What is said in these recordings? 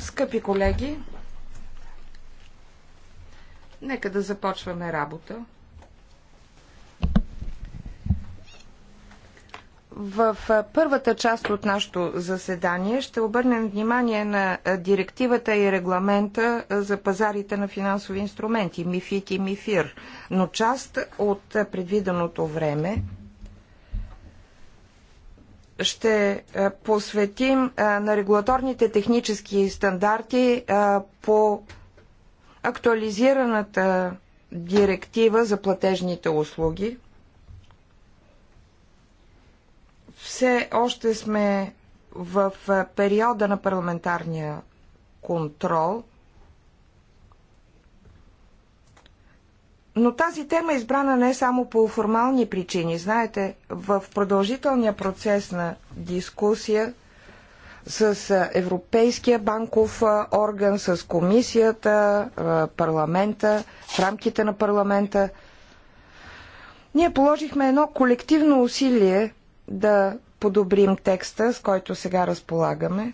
Скъпи колеги, нека да започваме работа. В първата част от нашето заседание ще обърнем внимание на директивата и регламента за пазарите на финансови инструменти, МИФИК и МИФИР, но част от предвиденото време ще е, посветим е, на регулаторните технически стандарти е, по актуализираната директива за платежните услуги. Все още сме в периода на парламентарния контрол – Но тази тема е избрана не само по формални причини. Знаете, в продължителния процес на дискусия с Европейския банков орган, с комисията, парламента, в рамките на парламента, ние положихме едно колективно усилие да подобрим текста, с който сега разполагаме.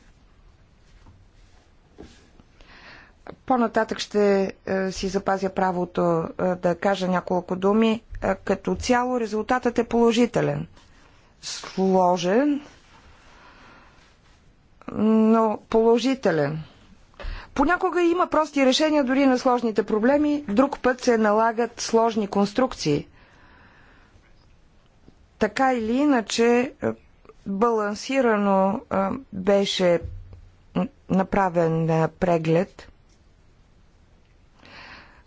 По-нататък ще е, си запазя правото е, да кажа няколко думи. Е, като цяло резултатът е положителен. Сложен, но положителен. Понякога има прости решения дори на сложните проблеми, друг път се налагат сложни конструкции. Така или иначе, балансирано беше направен преглед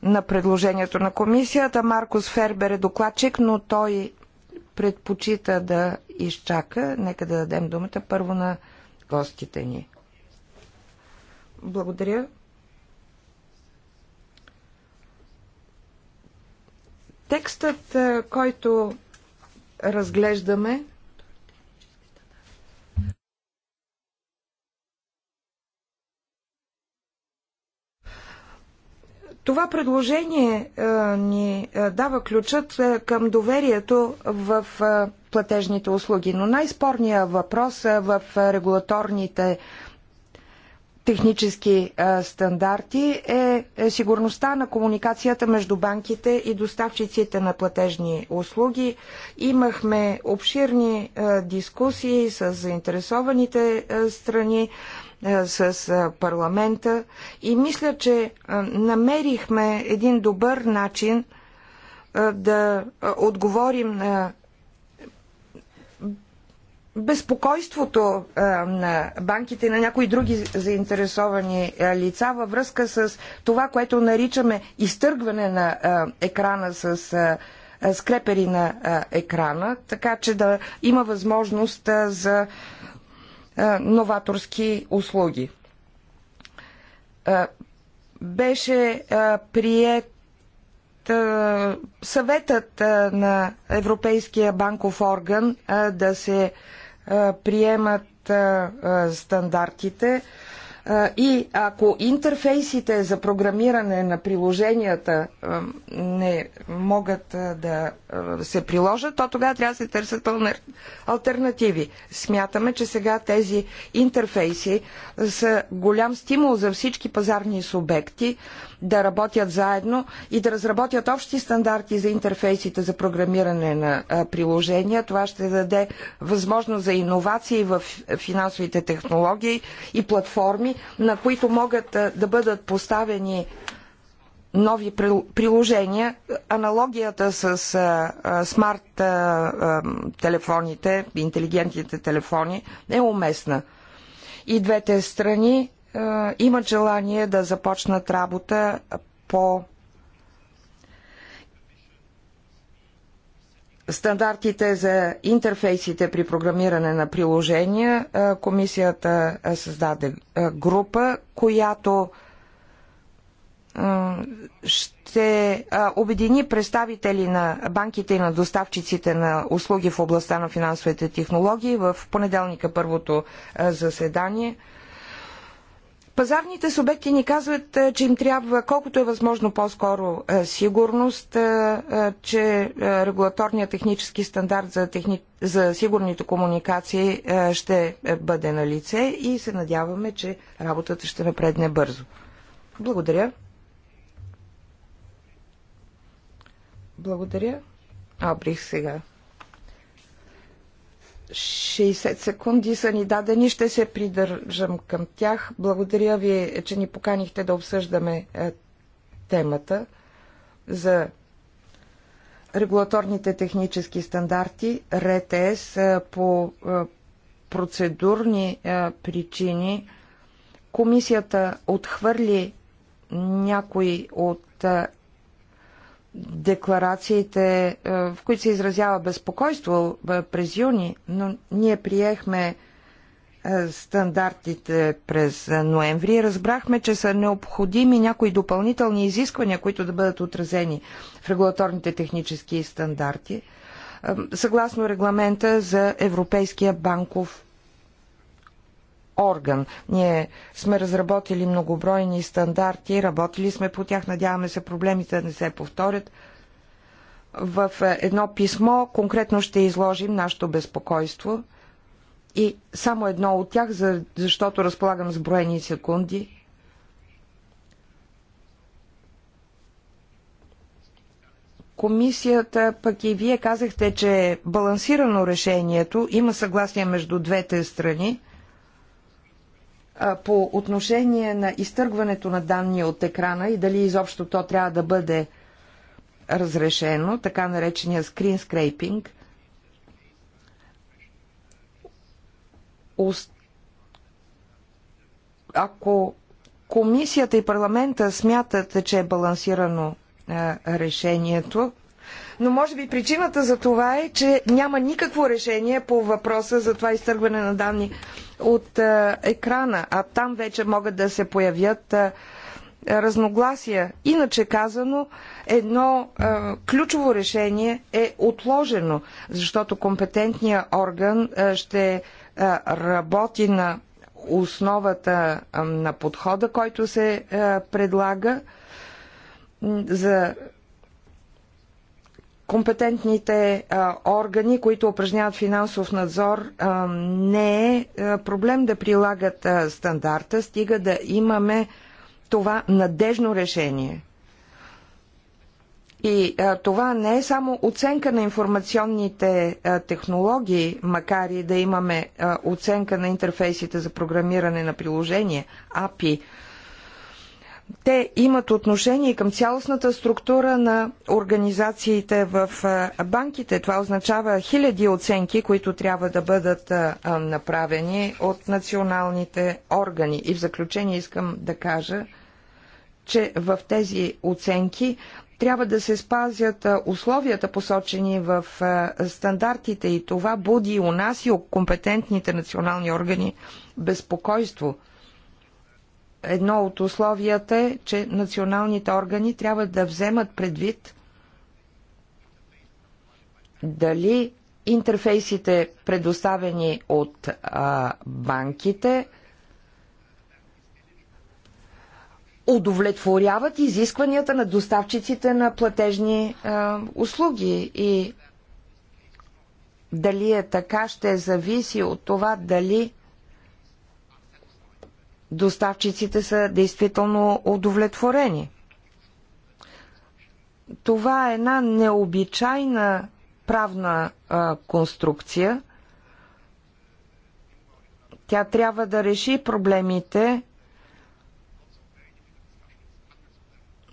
на предложението на комисията. Маркус Фербер е докладчик, но той предпочита да изчака. Нека да дадем думата първо на гостите ни. Благодаря. Текстът, който разглеждаме, Това предложение е, ни е, дава ключът е, към доверието в платежните услуги, но най-спорният въпрос в регулаторните технически стандарти е сигурността на комуникацията между банките и доставчиците на платежни услуги. Имахме обширни дискусии с заинтересованите страни. Е, с е, парламента и мисля, че е, намерихме един добър начин да отговорим на безпокойството на банките и на някои други заинтересовани лица във връзка с това, което наричаме изтъргване на екрана с скрепери на екрана, така че да има възможност за новаторски услуги. Беше прият съветът на Европейския банков орган да се приемат стандартите и ако интерфейсите за програмиране на приложенията не могат да се приложат, то тогава трябва да се търсят альтернативи. Смятаме, че сега тези интерфейси са голям стимул за всички пазарни субекти да работят заедно и да разработят общи стандарти за интерфейсите за програмиране на приложения. Това ще даде възможност за иновации в финансовите технологии и платформи програми, на които могат да бъдат поставени нови приложения. Аналогията с смарт телефоните, интелигентните телефони е уместна. И двете страни имат желание да започнат работа по стандартите за интерфейсите при програмиране на приложения, комисията създаде група, която ще обедини представители на банките и на доставчиците на услуги в областта на финансовите технологии в понеделника първото заседание – Пазарните субекти ни казват, е, че им трябва колкото е възможно по-скоро е, сигурност, е, че регулаторният технически стандарт за, техни... за сигурните комуникации ще бъде на лице и се надяваме, че работата ще напредне бързо. Благодаря. Благодаря. Абрих сега. 60 секунди са ни дадени, ще се придържам към тях. Благодаря ви, че ни поканихте да обсъждаме е, темата за регулаторните технически стандарти, РТС, е, по е, процедурни причини. Комисията отхвърли някои от декларациите, е, в които се изразява безпокойство е, през юни, но ние приехме е, стандартите през ноември и разбрахме, че са необходими някои допълнителни изисквания, които да бъдат отразени в регулаторните технически стандарти, съгласно регламента за Европейския банков орган. Ние сме разработили многобройни стандарти, работили сме по тях, надяваме се проблемите да не се повторят. В е, едно писмо конкретно ще изложим нашето безпокойство и само едно от тях, защото разполагам с броени секунди. Комисията, пък и вие казахте, че е балансирано решението, има съгласие между двете страни – по отношение на изтъргването на данни от екрана и дали изобщо то трябва да бъде разрешено, така наречения скрин скрейпинг, ако комисията и парламента смятат, че е балансирано решението, но може би причината за това е, че няма никакво решение по въпроса за това изтъргване на данни от е, екрана, а там вече могат да се появят е, разногласия. Иначе казано, едно е, ключово решение е отложено, защото компетентният орган ще работи на основата на подхода, който се предлага за компетентните а, органи, които упражняват финансов надзор, а, не е проблем да прилагат а, стандарта, стига да имаме това надежно решение. И а, това не е само оценка на информационните а, технологии, макар и да имаме а, оценка на интерфейсите за програмиране на приложения, API, те имат отношение към цялостната структура на организациите в банките. Това означава хиляди оценки, които трябва да бъдат направени от националните органи. И в заключение искам да кажа, че в тези оценки трябва да се спазят условията посочени в стандартите и това буди у нас и у компетентните национални органи безпокойство – едно от условията е, че националните органи трябва да вземат предвид дали интерфейсите, предоставени от а, банките, удовлетворяват изискванията на доставчиците на платежни а, услуги и дали е така ще зависи от това дали доставчиците са действително удовлетворени. Това е една необичайна правна а, конструкция. Тя трябва да реши проблемите,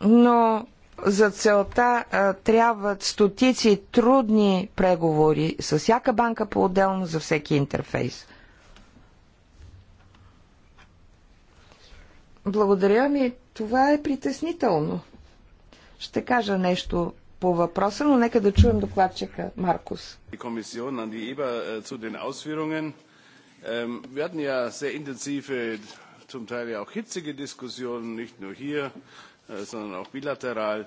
но за целта а, трябват стотици трудни преговори с всяка банка по-отделно за всеки интерфейс. Благодаря ми. Това е притеснително. Ще кажа нещо по въпроса, но нека да чуем докладчика Маркус. Wir hatten ja sehr intensive, zum Teil ja auch hitzige Diskussionen, nicht nur hier, sondern auch bilateral.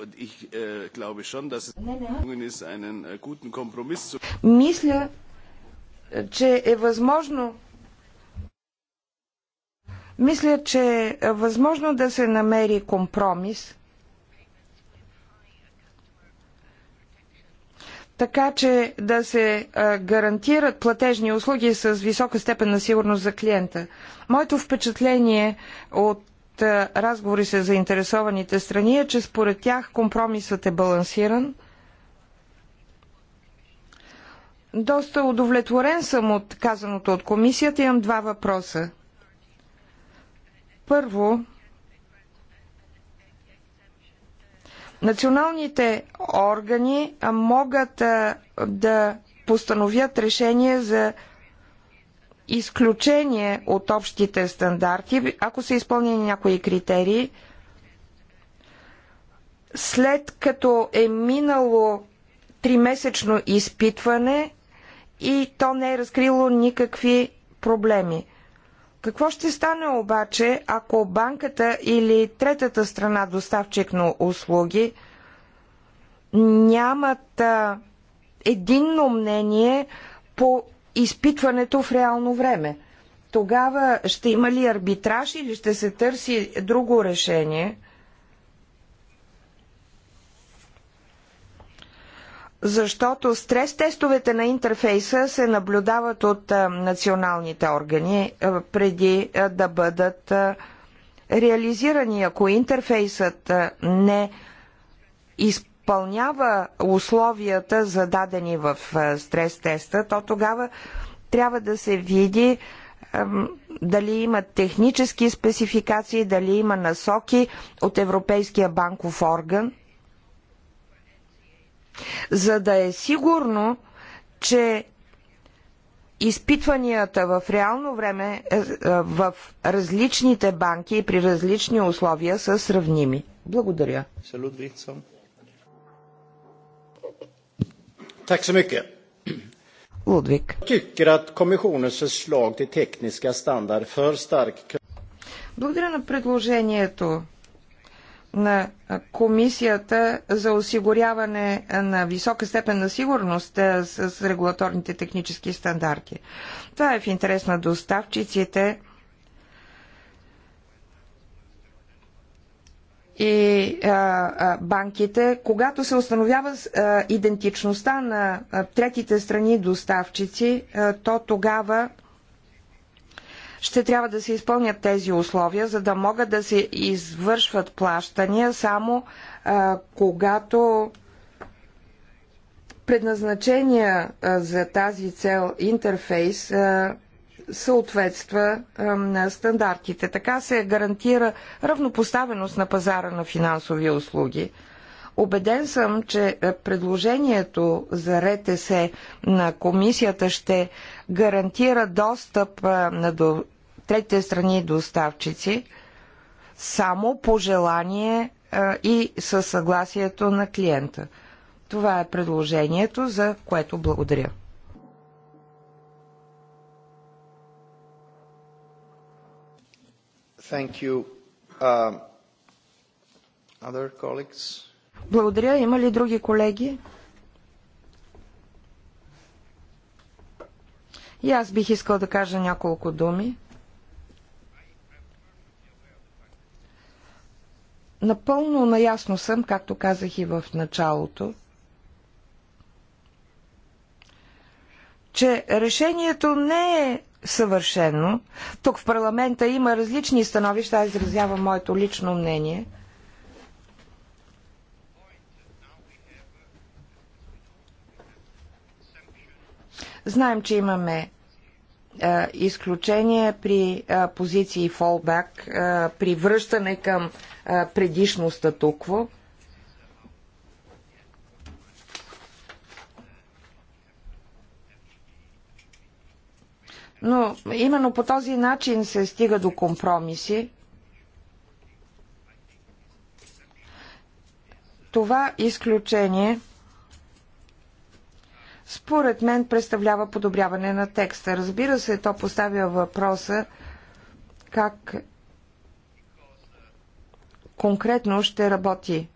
Und ich glaube schon, dass es gelungen ist, einen guten Kompromiss zu. Мисля, че е възможно мисля, че е възможно да се намери компромис, така че да се е, гарантират платежни услуги с висока степен на сигурност за клиента. Моето впечатление от е, разговори с заинтересованите страни е, че според тях компромисът е балансиран. Доста удовлетворен съм от казаното от комисията. Имам два въпроса. Първо, националните органи могат да постановят решение за изключение от общите стандарти, ако са изпълнени някои критерии, след като е минало тримесечно изпитване и то не е разкрило никакви проблеми. Какво ще стане обаче, ако банката или третата страна доставчик на услуги нямат а, единно мнение по изпитването в реално време? Тогава ще има ли арбитраж или ще се търси друго решение – защото стрес тестовете на интерфейса се наблюдават от националните органи преди да бъдат реализирани. Ако интерфейсът не изпълнява условията зададени в стрес теста, то тогава трябва да се види дали има технически спецификации, дали има насоки от Европейския банков орган – за да е сигурно, че изпитванията в реално време е, е, в различните банки и при различни условия са сравними. Благодаря. stark... Благодаря на предложението на Комисията за осигуряване на висока степен на сигурност с регулаторните технически стандарти. Това е в интерес на доставчиците и банките, когато се установява идентичността на третите страни доставчици, то тогава ще трябва да се изпълнят тези условия, за да могат да се извършват плащания само а, когато предназначения а, за тази цел интерфейс а, съответства а, на стандартите. Така се гарантира равнопоставеност на пазара на финансови услуги. Обеден съм, че предложението за РТС на комисията ще гарантира достъп на третите страни и доставчици само по желание и със съгласието на клиента. Това е предложението, за което благодаря. Thank you. Uh, other colleagues? Благодаря. Има ли други колеги? И аз бих искал да кажа няколко думи. Напълно наясно съм, както казах и в началото, че решението не е съвършено. Тук в парламента има различни становища, аз изразявам моето лично мнение. Знаем, че имаме е, изключение при е, позиции фолбак, е, при връщане към предишно статукво. Но именно по този начин се стига до компромиси. Това изключение – според мен представлява подобряване на текста. Разбира се, то поставя въпроса как конкретно ще работи.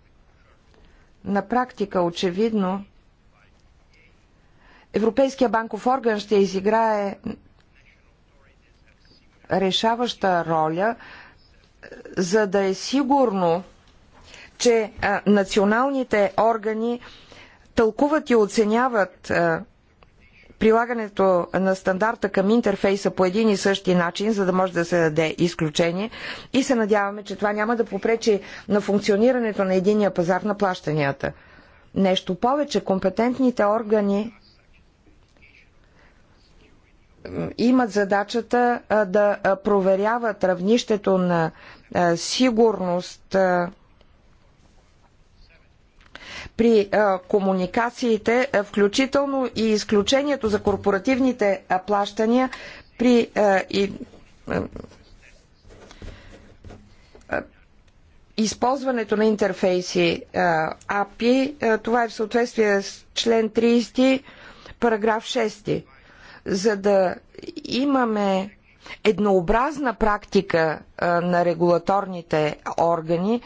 На практика, очевидно, Европейския банков орган ще изиграе решаваща роля, за да е сигурно, че националните органи тълкуват и оценяват е, прилагането на стандарта към интерфейса по един и същи начин, за да може да се даде изключение и се надяваме, че това няма да попречи на функционирането на единия пазар на плащанията. Нещо повече, компетентните органи имат задачата е, да е, проверяват равнището на сигурност при комуникациите, включително и изключението за корпоративните плащания при и, използването на интерфейси API. Това е в съответствие с член 30, параграф 6. За да имаме еднообразна практика на регулаторните органи,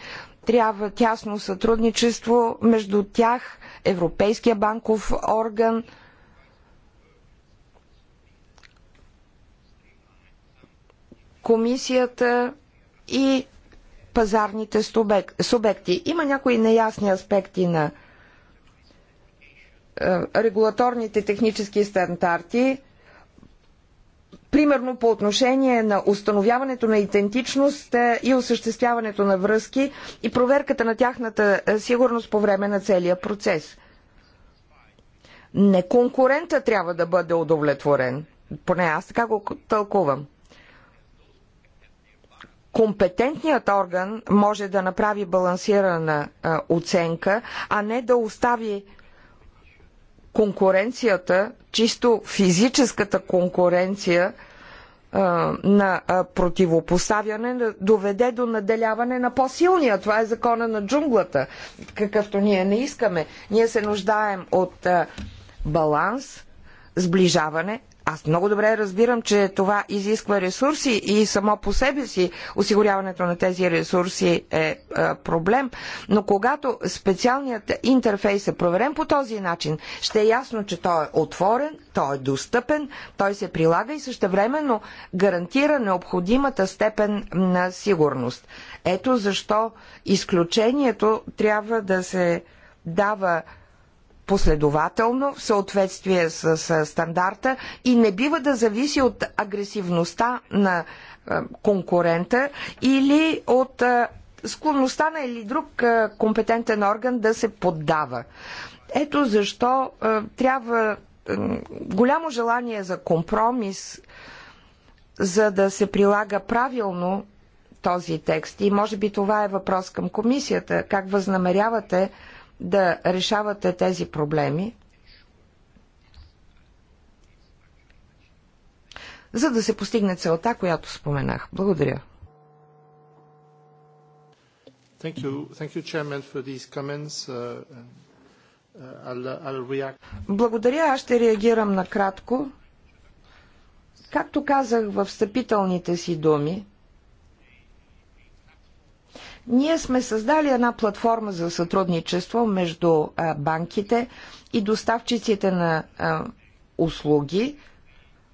трябва тясно сътрудничество между тях, Европейския банков орган, комисията и пазарните субекти. Има някои неясни аспекти на е, регулаторните технически стандарти. Примерно по отношение на установяването на идентичност е, и осъществяването на връзки и проверката на тяхната е, сигурност по време на целия процес. Не конкурента трябва да бъде удовлетворен. Поне аз така го тълкувам. Компетентният орган може да направи балансирана е, оценка, а не да остави конкуренцията, чисто физическата конкуренция на противопоставяне доведе до наделяване на по-силния. Това е закона на джунглата, какъвто ние не искаме. Ние се нуждаем от баланс, сближаване, аз много добре разбирам, че това изисква ресурси и само по себе си осигуряването на тези ресурси е, е, проблем, но когато специалният интерфейс е проверен по този начин, ще е ясно, че той е отворен, той е достъпен, той се прилага и същевременно гарантира необходимата степен на сигурност. Ето защо изключението трябва да се дава последователно в съответствие с, с стандарта и не бива да зависи от агресивността на конкурента или от склонността на или друг компетентен орган да се поддава. Ето защо трябва голямо желание за компромис, за да се прилага правилно този текст. И може би това е въпрос към комисията. Как възнамерявате да решавате тези проблеми, за да се постигне целта, която споменах. Благодаря. Thank you. Thank you, Chairman, for these comments. Uh, uh, I'll, uh, I'll react. Благодаря, аз ще реагирам накратко. Както казах в встъпителните си думи, ние сме създали една платформа за сътрудничество между банките и доставчиците на услуги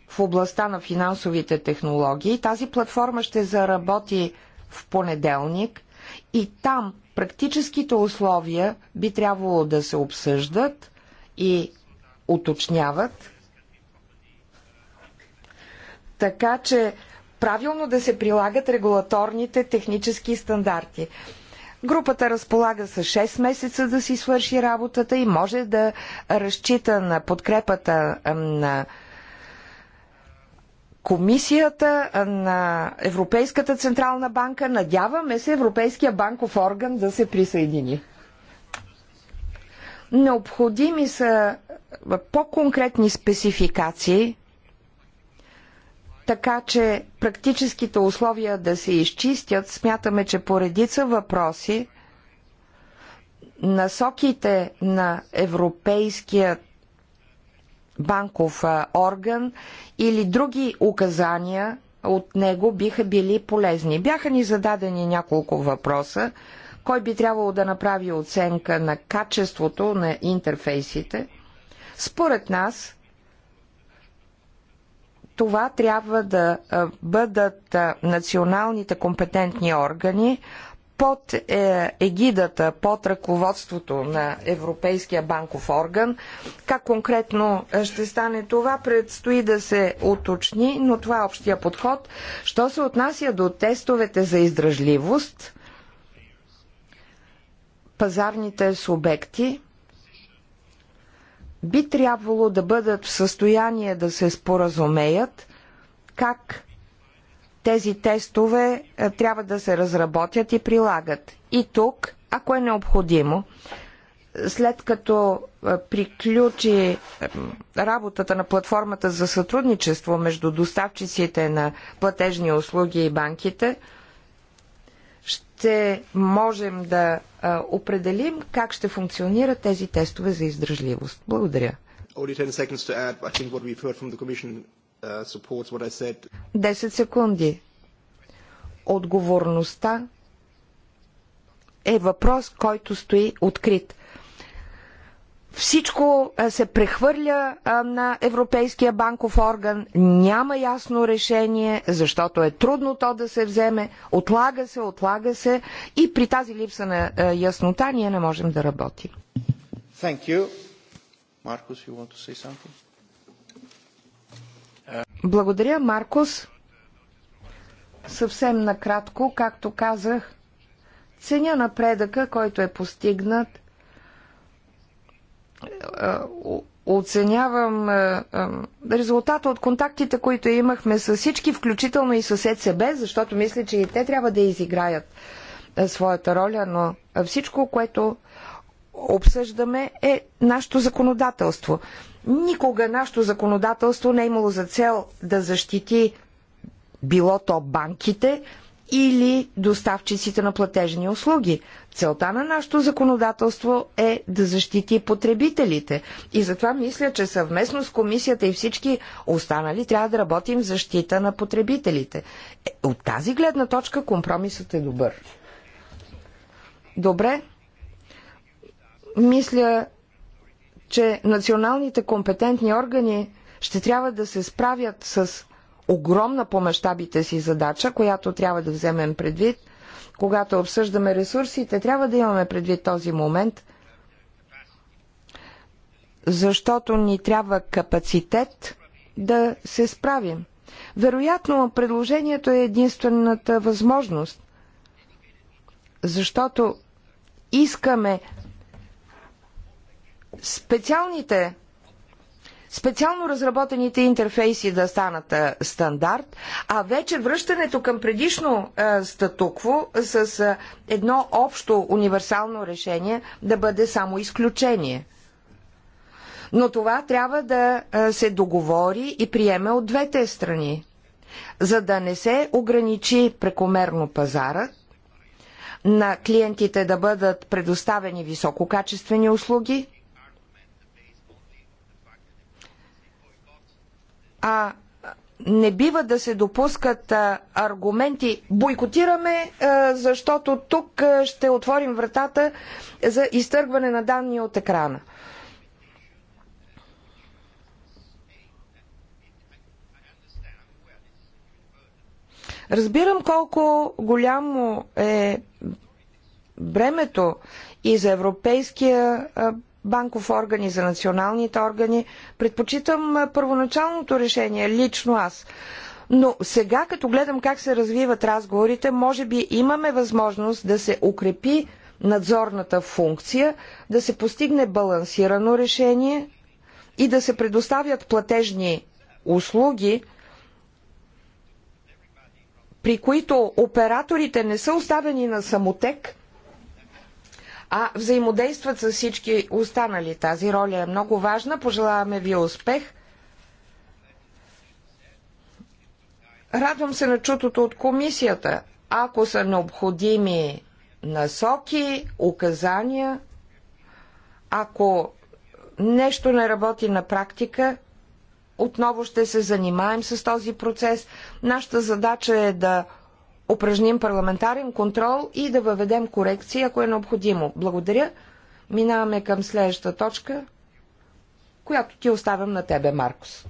в областта на финансовите технологии. Тази платформа ще заработи в понеделник и там практическите условия би трябвало да се обсъждат и уточняват, така че правилно да се прилагат регулаторните технически стандарти. Групата разполага с 6 месеца да си свърши работата и може да разчита на подкрепата на комисията, на Европейската централна банка. Надяваме се Европейския банков орган да се присъедини. Необходими са по-конкретни спецификации така че практическите условия да се изчистят, смятаме, че по редица въпроси насоките на Европейския банков орган или други указания от него биха били полезни. Бяха ни зададени няколко въпроса. Кой би трябвало да направи оценка на качеството на интерфейсите? Според нас, това трябва да бъдат националните компетентни органи под е, егидата, под ръководството на Европейския банков орган. Как конкретно ще стане това, предстои да се уточни, но това е общия подход. Що се отнася до тестовете за издръжливост, пазарните субекти би трябвало да бъдат в състояние да се споразумеят как тези тестове е, трябва да се разработят и прилагат. И тук, ако е необходимо, след като е, приключи е, работата на платформата за сътрудничество между доставчиците на платежни услуги и банките, ще можем да определим как ще функционират тези тестове за издръжливост. Благодаря. 10 uh, секунди. Отговорността е въпрос, който стои открит. Всичко се прехвърля на Европейския банков орган. Няма ясно решение, защото е трудно то да се вземе. Отлага се, отлага се и при тази липса на яснота ние не можем да работим. Marcus, Благодаря, Маркус. Съвсем накратко, както казах, ценя напредъка, който е постигнат – е, оценявам е, е, резултата от контактите, които имахме с всички, включително и с ЕЦБ, защото мисля, че и те трябва да изиграят своята роля, но всичко, което обсъждаме е нашето законодателство. Никога нашето законодателство не е имало за цел да защити било то банките, или доставчиците на платежни услуги. Целта на нашето законодателство е да защити потребителите. И затова мисля, че съвместно с комисията и всички останали трябва да работим в защита на потребителите. Е, от тази гледна точка компромисът е добър. Добре. Мисля, че националните компетентни органи ще трябва да се справят с огромна по мащабите си задача, която трябва да вземем предвид. Когато обсъждаме ресурсите, трябва да имаме предвид този момент, защото ни трябва капацитет да се справим. Вероятно, предложението е единствената възможност, защото искаме специалните специално разработените интерфейси да станат стандарт, а вече връщането към предишно статукво с едно общо универсално решение да бъде само изключение. Но това трябва да се договори и приеме от двете страни, за да не се ограничи прекомерно пазара, на клиентите да бъдат предоставени висококачествени услуги, а не бива да се допускат а, аргументи. Бойкотираме, а, защото тук а, ще отворим вратата за изтъргване на данни от екрана. Разбирам колко голямо е бремето и за Европейския банков орган и за националните органи. Предпочитам първоначалното решение, лично аз. Но сега, като гледам как се развиват разговорите, може би имаме възможност да се укрепи надзорната функция, да се постигне балансирано решение и да се предоставят платежни услуги, при които операторите не са оставени на самотек – а взаимодействат с всички останали. Тази роля е много важна. Пожелаваме ви успех. Радвам се на чутото от комисията. Ако са необходими насоки, указания, ако нещо не работи на практика, отново ще се занимаем с този процес. Нашата задача е да упражним парламентарен контрол и да въведем корекции, ако е необходимо. Благодаря. Минаваме към следващата точка, която ти оставям на тебе, Маркус.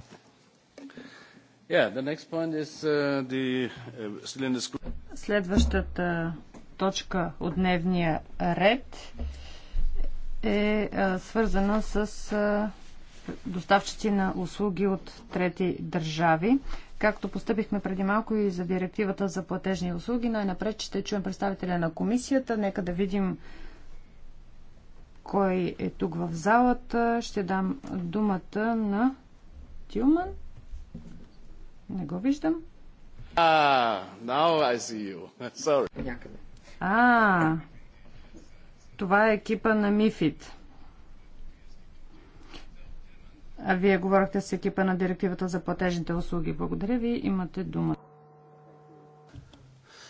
Uh, uh, следващата точка от дневния ред е свързана с доставчици на услуги от трети държави. Както постъпихме преди малко и за директивата за платежни услуги, най-напред ще чуем представителя на комисията. Нека да видим кой е тук в залата. Ще дам думата на Тилман. Не го виждам. А, now I see you. Sorry. А, това е екипа на Мифит. А вие говорихте с екипа на директивата за платежните услуги. Благодаря ви. Имате дума.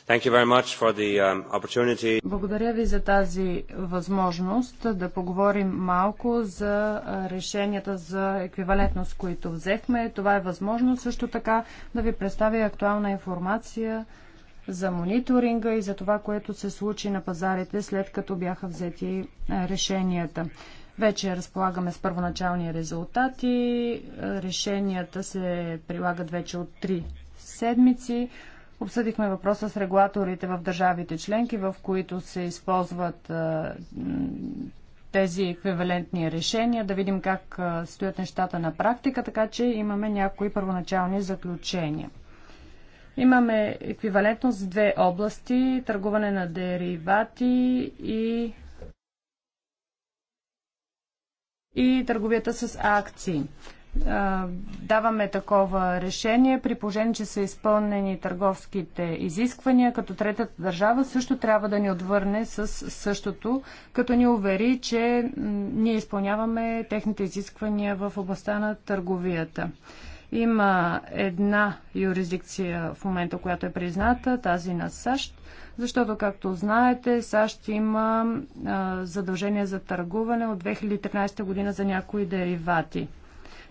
Um, Благодаря ви за тази възможност да поговорим малко за решенията за еквивалентност, които взехме. Това е възможно също така да ви представя актуална информация за мониторинга и за това, което се случи на пазарите след като бяха взети решенията. Вече разполагаме с първоначални резултати. Решенията се прилагат вече от 3 седмици. Обсъдихме въпроса с регулаторите в държавите членки, в които се използват тези еквивалентни решения, да видим как стоят нещата на практика, така че имаме някои първоначални заключения. Имаме еквивалентност в две области търгуване на деривати и и търговията с акции. Даваме такова решение при положение, че са изпълнени търговските изисквания, като третата държава също трябва да ни отвърне с същото, като ни увери, че ние изпълняваме техните изисквания в областта на търговията. Има една юрисдикция в момента, която е призната, тази на САЩ, защото, както знаете, САЩ има а, задължение за търгуване от 2013 година за някои деривати.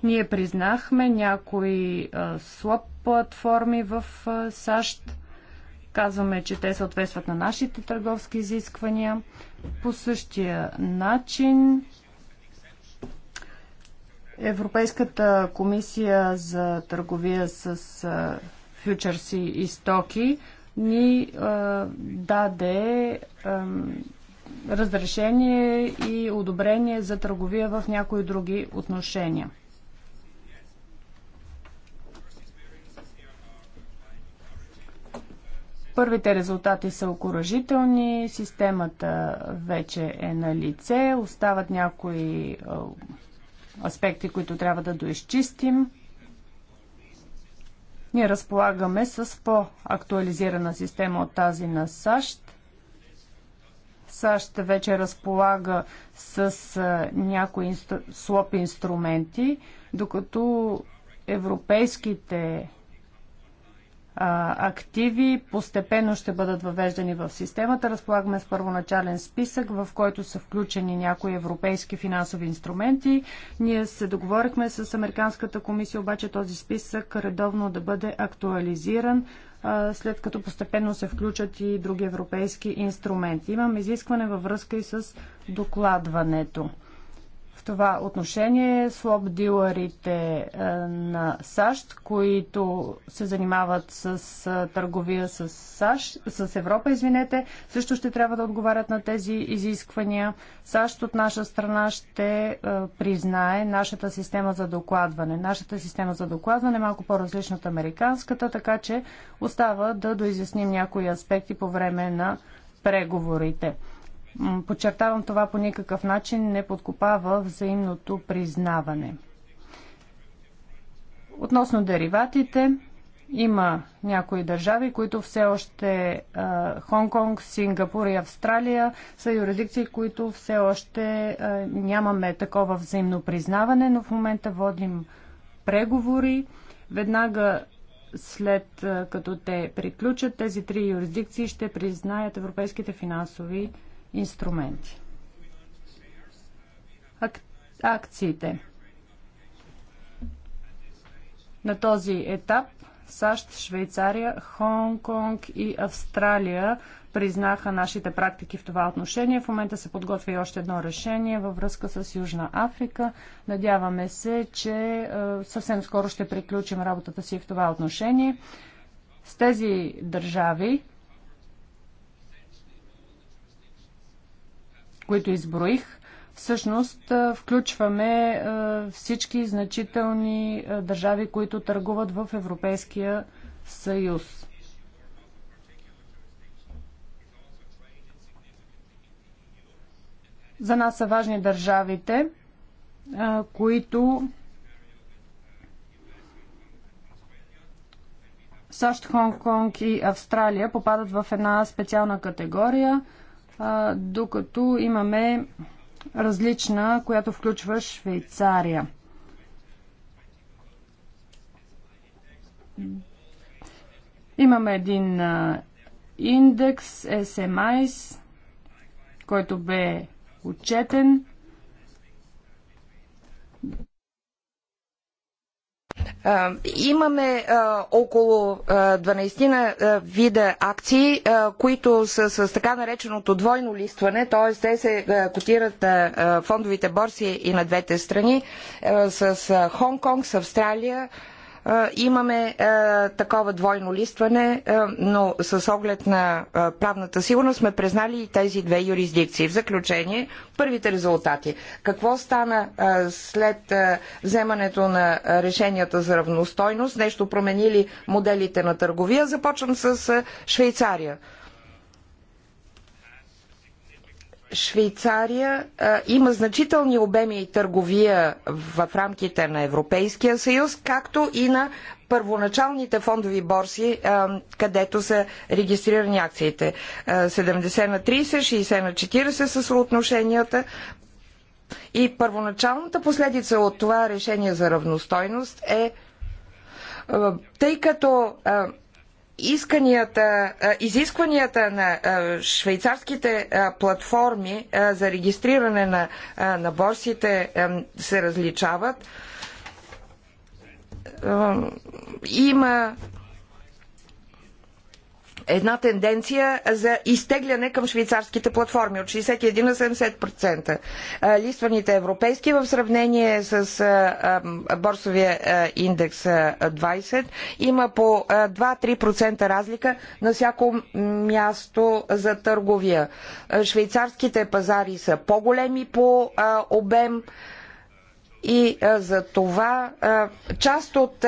Ние признахме някои слоп платформи в а, САЩ. Казваме, че те съответстват на нашите търговски изисквания. По същия начин Европейската комисия за търговия с фьючерси и стоки ни а, даде а, разрешение и одобрение за търговия в някои други отношения. Първите резултати са окоръжителни, системата вече е на лице, остават някои аспекти, които трябва да доизчистим. Ние разполагаме с по-актуализирана система от тази на САЩ. САЩ вече разполага с някои инстру... слоп инструменти, докато европейските активи постепенно ще бъдат въвеждани в системата. Разполагаме с първоначален списък, в който са включени някои европейски финансови инструменти. Ние се договорихме с Американската комисия, обаче този списък редовно да бъде актуализиран след като постепенно се включат и други европейски инструменти. Имам изискване във връзка и с докладването това отношение слоб дилърите е, на САЩ, които се занимават с е, търговия с САЩ, с Европа, извинете, също ще трябва да отговарят на тези изисквания. САЩ от наша страна ще е, признае нашата система за докладване. Нашата система за докладване е малко по-различна от американската, така че остава да доизясним някои аспекти по време на преговорите. Подчертавам това по никакъв начин не подкопава взаимното признаване. Относно дериватите, има някои държави, които все още Хонконг, Сингапур и Австралия са юрисдикции, които все още нямаме такова взаимно признаване, но в момента водим преговори. Веднага след като те приключат, тези три юрисдикции ще признаят европейските финансови инструменти. акциите. На този етап САЩ, Швейцария, Хонг-Конг и Австралия признаха нашите практики в това отношение. В момента се подготвя и още едно решение във връзка с Южна Африка. Надяваме се, че е, съвсем скоро ще приключим работата си в това отношение. С тези държави които изброих, всъщност включваме всички значителни държави, които търгуват в Европейския съюз. За нас са важни държавите, които САЩ, Хонг-Конг и Австралия попадат в една специална категория – докато имаме различна, която включва Швейцария. Имаме един индекс SMIs, който бе отчетен. Имаме около 12 вида акции, които са с така нареченото двойно листване, т.е. те се котират на фондовите борси и на двете страни с Хонг Конг, с Австралия, имаме такова двойно листване, но с оглед на правната сигурност сме признали и тези две юрисдикции. В заключение, първите резултати. Какво стана след вземането на решенията за равностойност? Нещо променили моделите на търговия? Започвам с Швейцария. Швейцария а, има значителни обеми и търговия в рамките на Европейския съюз, както и на първоначалните фондови борси, а, където са регистрирани акциите. А, 70 на 30, 60 на 40 са съотношенията. И първоначалната последица от това решение за равностойност е, а, тъй като а, исканията, изискванията на швейцарските платформи за регистриране на, на борсите се различават. Има една тенденция за изтегляне към швейцарските платформи от 61 на 70%. Листваните европейски в сравнение с борсовия индекс 20 има по 2-3% разлика на всяко място за търговия. Швейцарските пазари са по-големи по обем и за това част от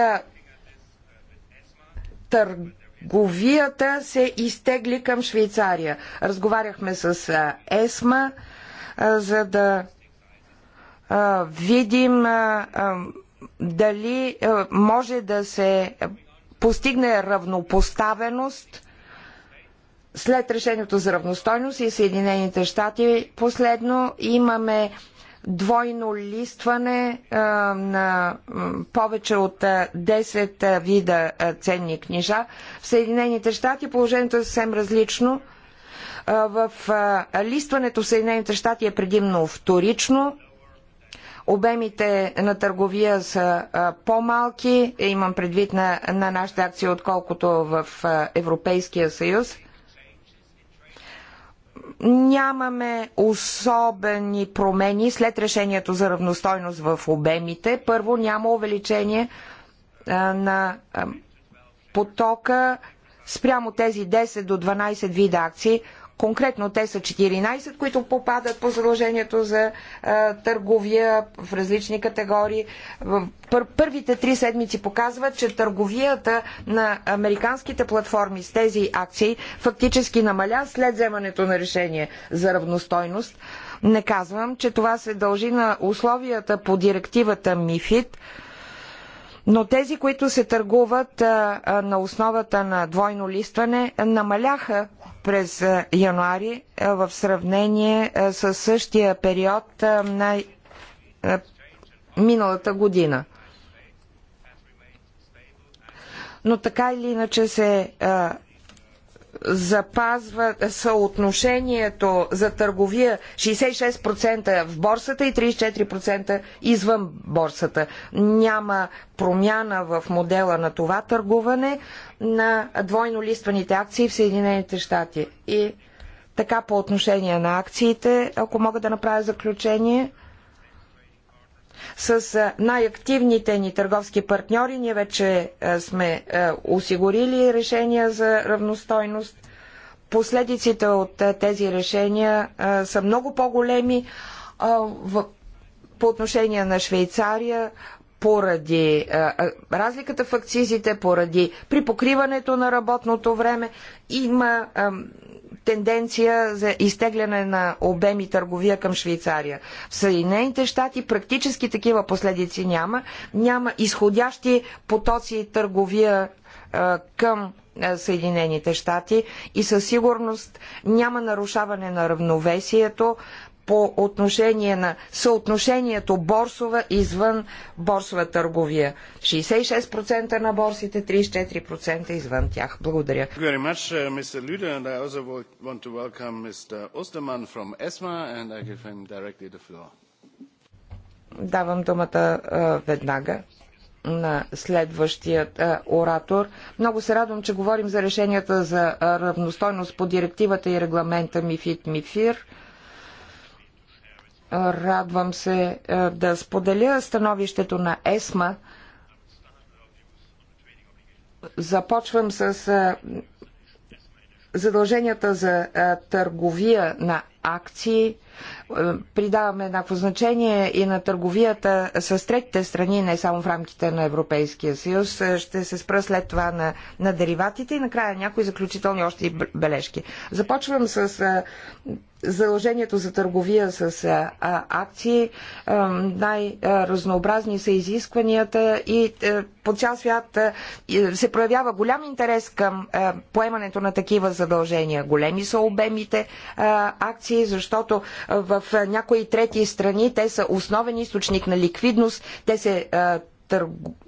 търговията търговията се изтегли към Швейцария. Разговаряхме с ЕСМА, за да видим дали може да се постигне равнопоставеност след решението за равностойност и Съединените щати. Последно имаме двойно листване а, на повече от 10 вида ценни книжа. В Съединените щати положението е съвсем различно. А, в а, листването в Съединените щати е предимно вторично. Обемите на търговия са по-малки, имам предвид на, на нашите акции, отколкото в Европейския съюз нямаме особени промени след решението за равностойност в обемите. Първо, няма увеличение на потока спрямо тези 10 до 12 вида акции, Конкретно те са 14, които попадат по задължението за а, търговия в различни категории. Пър, първите три седмици показват, че търговията на американските платформи с тези акции фактически намаля след вземането на решение за равностойност. Не казвам, че това се дължи на условията по директивата МИФИД, но тези, които се търгуват на основата на двойно листване, намаляха през януари в сравнение с същия период на миналата година. Но така или иначе се запазва съотношението за търговия 66% в борсата и 34% извън борсата. Няма промяна в модела на това търгуване на двойно листваните акции в Съединените щати. И така по отношение на акциите, ако мога да направя заключение – с най-активните ни търговски партньори ние вече сме осигурили решения за равностойност. Последиците от тези решения са много по-големи по отношение на Швейцария, поради а, разликата в акцизите, поради припокриването на работното време, има а, тенденция за изтегляне на обеми търговия към Швейцария. В Съединените щати практически такива последици няма. Няма изходящи потоци търговия а, към Съединените щати и със сигурност няма нарушаване на равновесието по отношение на съотношението борсова извън борсова търговия. 66% на борсите, 34% извън тях. Благодаря. Давам думата веднага на следващият а, оратор. Много се радвам, че говорим за решенията за равностойност по директивата и регламента Мифит, мифир Радвам се е, да споделя становището на ЕСМА. Започвам с е, задълженията за е, търговия на акции. Е, придаваме еднакво значение и на търговията с третите страни, не само в рамките на Европейския съюз. Е, ще се спра след това на, на дериватите и накрая някои заключителни още и бележки. Започвам с е, заложението за търговия с а, акции. най-разнообразни са изискванията и по цял свят се проявява голям интерес към поемането на такива задължения. Големи са обемите акции операции, защото в някои трети страни те са основен източник на ликвидност, те се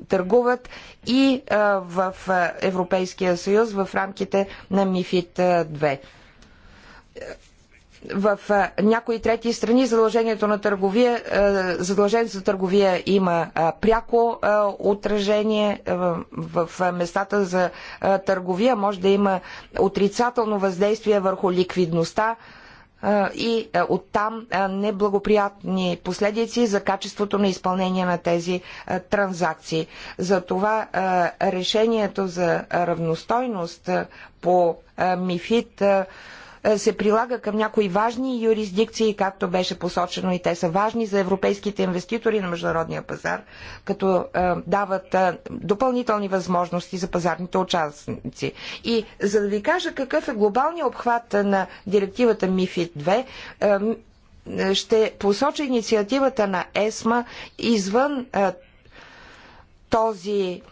търгуват и в Европейския съюз в рамките на МИФИД 2 в някои трети страни задължението на търговия, задължението за търговия има пряко отражение в местата за търговия, може да има отрицателно въздействие върху ликвидността и оттам неблагоприятни последици за качеството на изпълнение на тези транзакции. Затова решението за равностойност по МИФИД е, се прилага към някои важни юрисдикции, както беше посочено и те са важни за европейските инвеститори на международния пазар, като е, дават е, допълнителни възможности за пазарните участници. И за да ви кажа какъв е глобалният обхват на директивата МИФИД 2, ще посоча инициативата на ЕСМА извън този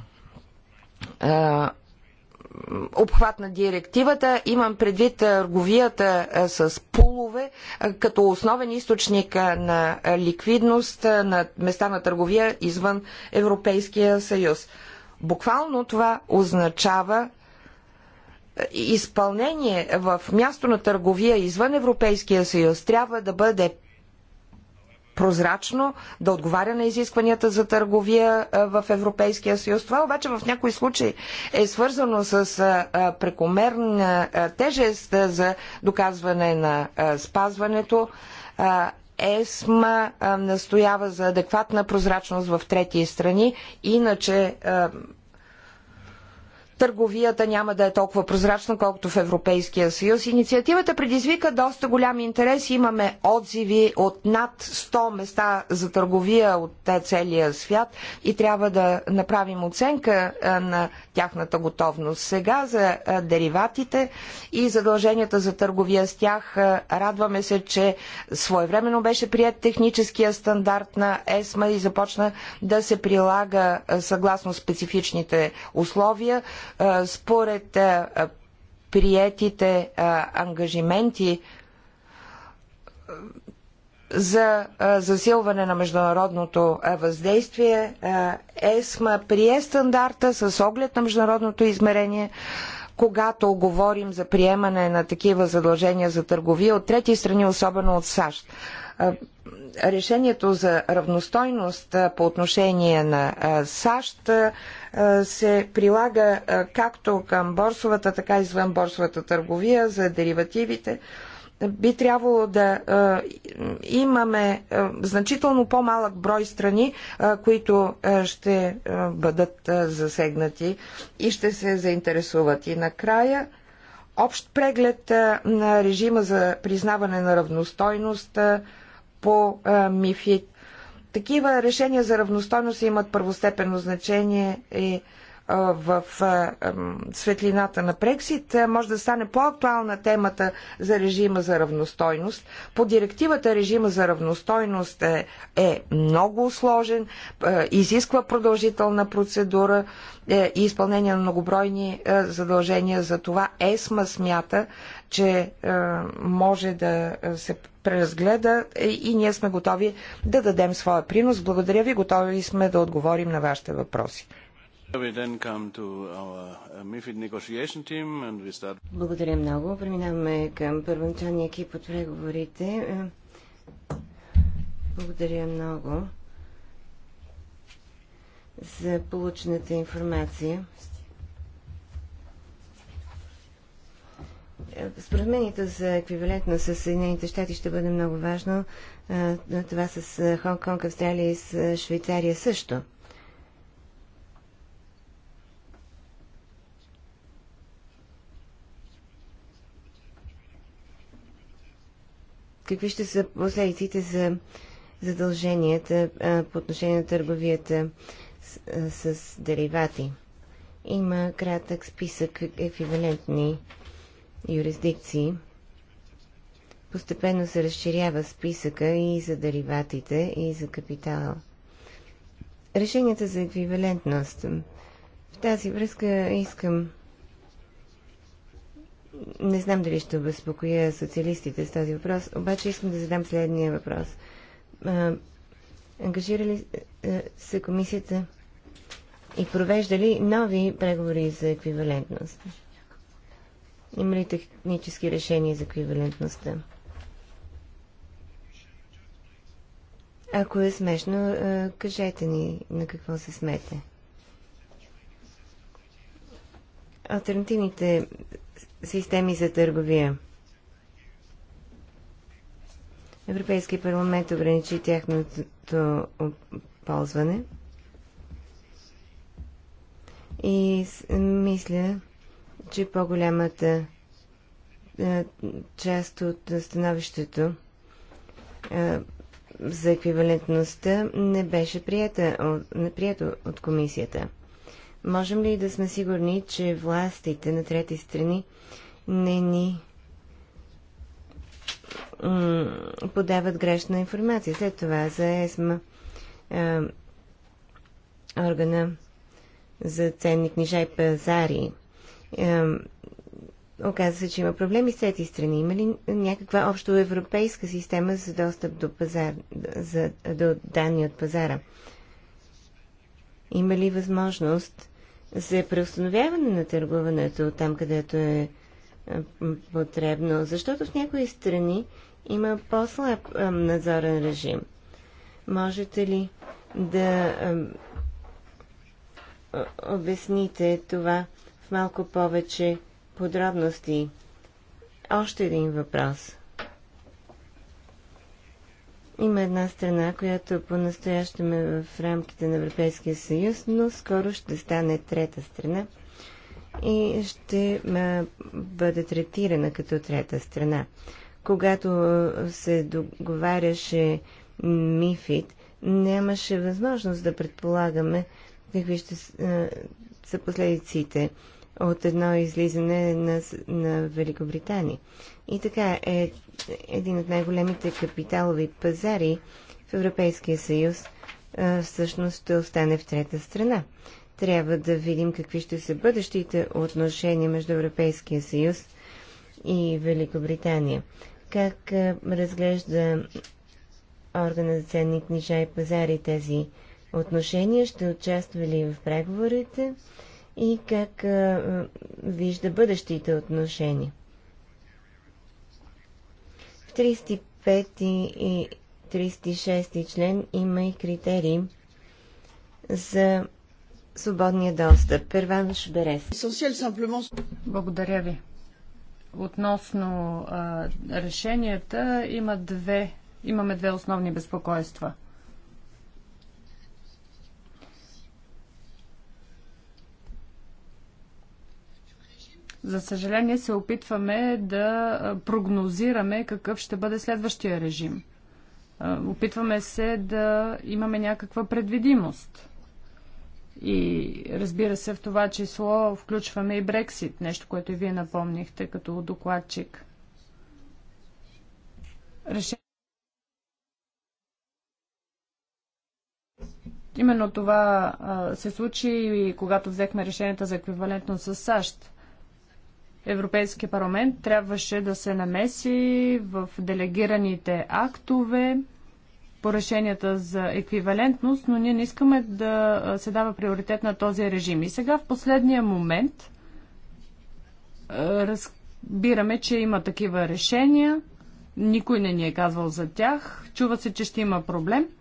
обхват на директивата. Имам предвид търговията с пулове като основен източник на ликвидност на места на търговия извън Европейския съюз. Буквално това означава изпълнение в място на търговия извън Европейския съюз трябва да бъде прозрачно, да отговаря на изискванията за търговия в Европейския съюз. Това обаче в някои случаи е свързано с прекомерна тежест за доказване на спазването. ЕСМА настоява за адекватна прозрачност в трети страни, иначе търговията няма да е толкова прозрачна, колкото в Европейския съюз. Инициативата предизвика доста голям интерес. Имаме отзиви от над 100 места за търговия от целия свят и трябва да направим оценка на тяхната готовност. Сега за дериватите и задълженията за търговия с тях. Радваме се, че своевременно беше прият техническия стандарт на ЕСМА и започна да се прилага съгласно специфичните условия според приетите ангажименти за засилване на международното въздействие. ЕСМА прие стандарта с оглед на международното измерение когато говорим за приемане на такива задължения за търговия от трети страни, особено от САЩ. Решението за равностойност по отношение на САЩ се прилага както към борсовата, така и извън борсовата търговия за деривативите. Би трябвало да имаме значително по-малък брой страни, които ще бъдат засегнати и ще се заинтересуват. И накрая общ преглед на режима за признаване на равностойност по МИФИД такива решения за равностойност имат първостепенно значение и в светлината на Брексит може да стане по-актуална темата за режима за равностойност. По директивата режима за равностойност е, е много сложен, изисква продължителна процедура е, и изпълнение на многобройни задължения. За това ЕСМА смята, че е, може да се преразгледа е, и ние сме готови да дадем своя принос. Благодаря ви, готови сме да отговорим на вашите въпроси. Uh, Благодаря много. Преминаваме към първоначалния екип от преговорите. Благодаря много за получената информация. Споразумението за еквивалентно с Съединените щати ще бъде много важно. Това с Хонг-Конг, Австралия и с Швейцария също. Какви ще са последиците за задълженията по отношение на търговията с, с деривати? Има кратък списък еквивалентни юрисдикции постепенно се разширява списъка и за дериватите, и за капитала. Решенията за еквивалентност. В тази връзка искам... Не знам дали ще обезпокоя социалистите с този въпрос, обаче искам да задам следния въпрос. А, се комисията и провеждали нови преговори за еквивалентност? Има ли технически решения за еквивалентността? Ако е смешно, кажете ни на какво се смете. Альтернативните системи за търговия. Европейския парламент ограничи тяхното ползване. И мисля, че по-голямата е, част от становището е, за еквивалентността не беше прията, не прието от комисията. Можем ли да сме сигурни, че властите на трети страни не ни подават грешна информация? След това за ЕСМА е, органа за ценни книжа и пазари – Оказва се, че има проблеми с тези страни. Има ли някаква общо европейска система за достъп до, пазар, за, до данни от пазара? Има ли възможност за преустановяване на търгуването там, където е, е потребно? Защото в някои страни има по-слаб надзорен режим. Можете ли да обясните това? малко повече подробности. Още един въпрос. Има една страна, която по-настоящем е в рамките на Европейския съюз, но скоро ще стане трета страна и ще бъде третирана като трета страна. Когато се договаряше мифит, нямаше възможност да предполагаме какви ще са последиците от едно излизане на, на Великобритания. И така е един от най-големите капиталови пазари в Европейския съюз всъщност ще остане в трета страна. Трябва да видим какви ще са бъдещите отношения между Европейския съюз и Великобритания. Как разглежда органа за ценни книжа и пазари тези отношения? Ще участва ли в преговорите? и как а, вижда бъдещите отношения. В 35 и 36 член има и критерии за свободния достъп. Перванш Шберес. Благодаря ви. Относно а, решенията има две, имаме две основни безпокойства – За съжаление се опитваме да прогнозираме какъв ще бъде следващия режим. Опитваме се да имаме някаква предвидимост. И разбира се, в това число включваме и Брексит, нещо, което и вие напомнихте като докладчик. Именно това а, се случи и когато взехме решенията за еквивалентно с САЩ. Европейския парламент трябваше да се намеси в делегираните актове по решенията за еквивалентност, но ние не искаме да се дава приоритет на този режим. И сега в последния момент разбираме, че има такива решения, никой не ни е казвал за тях, чува се, че ще има проблем –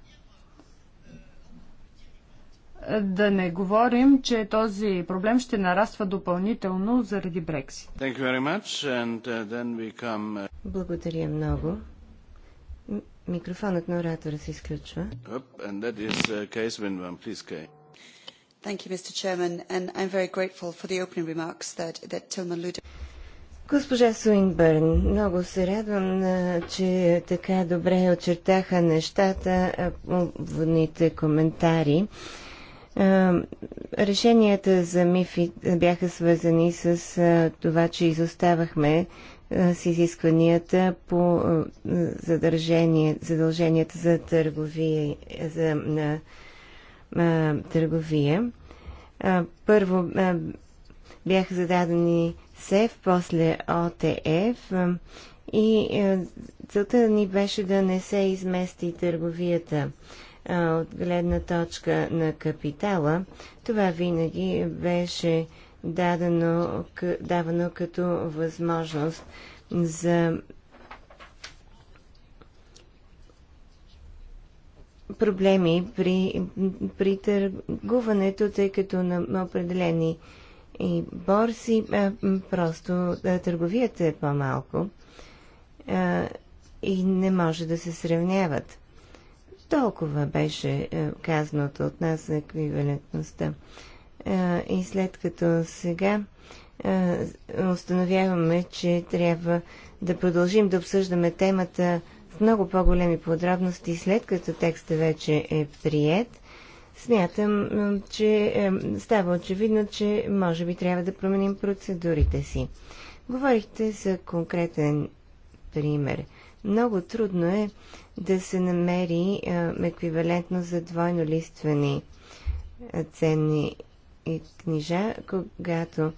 да не говорим, че този проблем ще нараства допълнително заради Брексит. Uh, come... Uh, Благодаря много. Микрофонът на оратора се изключва. Госпожа Суинбърн, много се радвам, че така добре очертаха нещата, водните коментари. Е, решенията за МИФИ бяха свързани с е, това, че изоставахме е, с изискванията по задълженията за търговия. За, на, а, търговия. А, първо а, бяха зададени СЕФ, после ОТФ а, и а, целта ни беше да не се измести търговията от гледна точка на капитала, това винаги беше дадено, давано като възможност за проблеми при, при търгуването, тъй като на определени и борси а, просто търговията е по-малко и не може да се сравняват толкова беше е, казаното от нас за еквивалентността. Е, и след като сега е, установяваме, че трябва да продължим да обсъждаме темата в много по-големи подробности, след като текста вече е прият, смятам, че става очевидно, че може би трябва да променим процедурите си. Говорихте за конкретен пример. Много трудно е да се намери еквивалентно за двойно листвани ценни и книжа, когато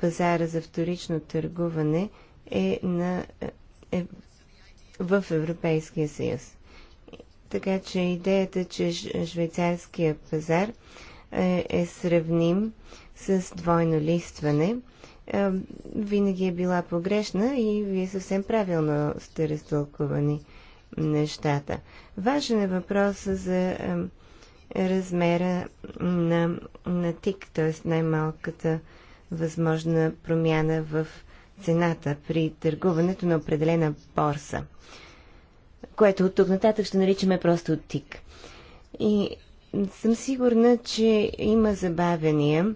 пазара за вторично търгуване е, на, е в Европейския съюз. Така че идеята, че швейцарския пазар е, е сравним с двойно листване, е, винаги е била погрешна и вие съвсем правилно сте разтълкувани нещата. Важен е въпросът за размера на, на тик, т.е. най-малката възможна промяна в цената при търгуването на определена борса, което от тук нататък ще наричаме просто тик. И съм сигурна, че има забавяния,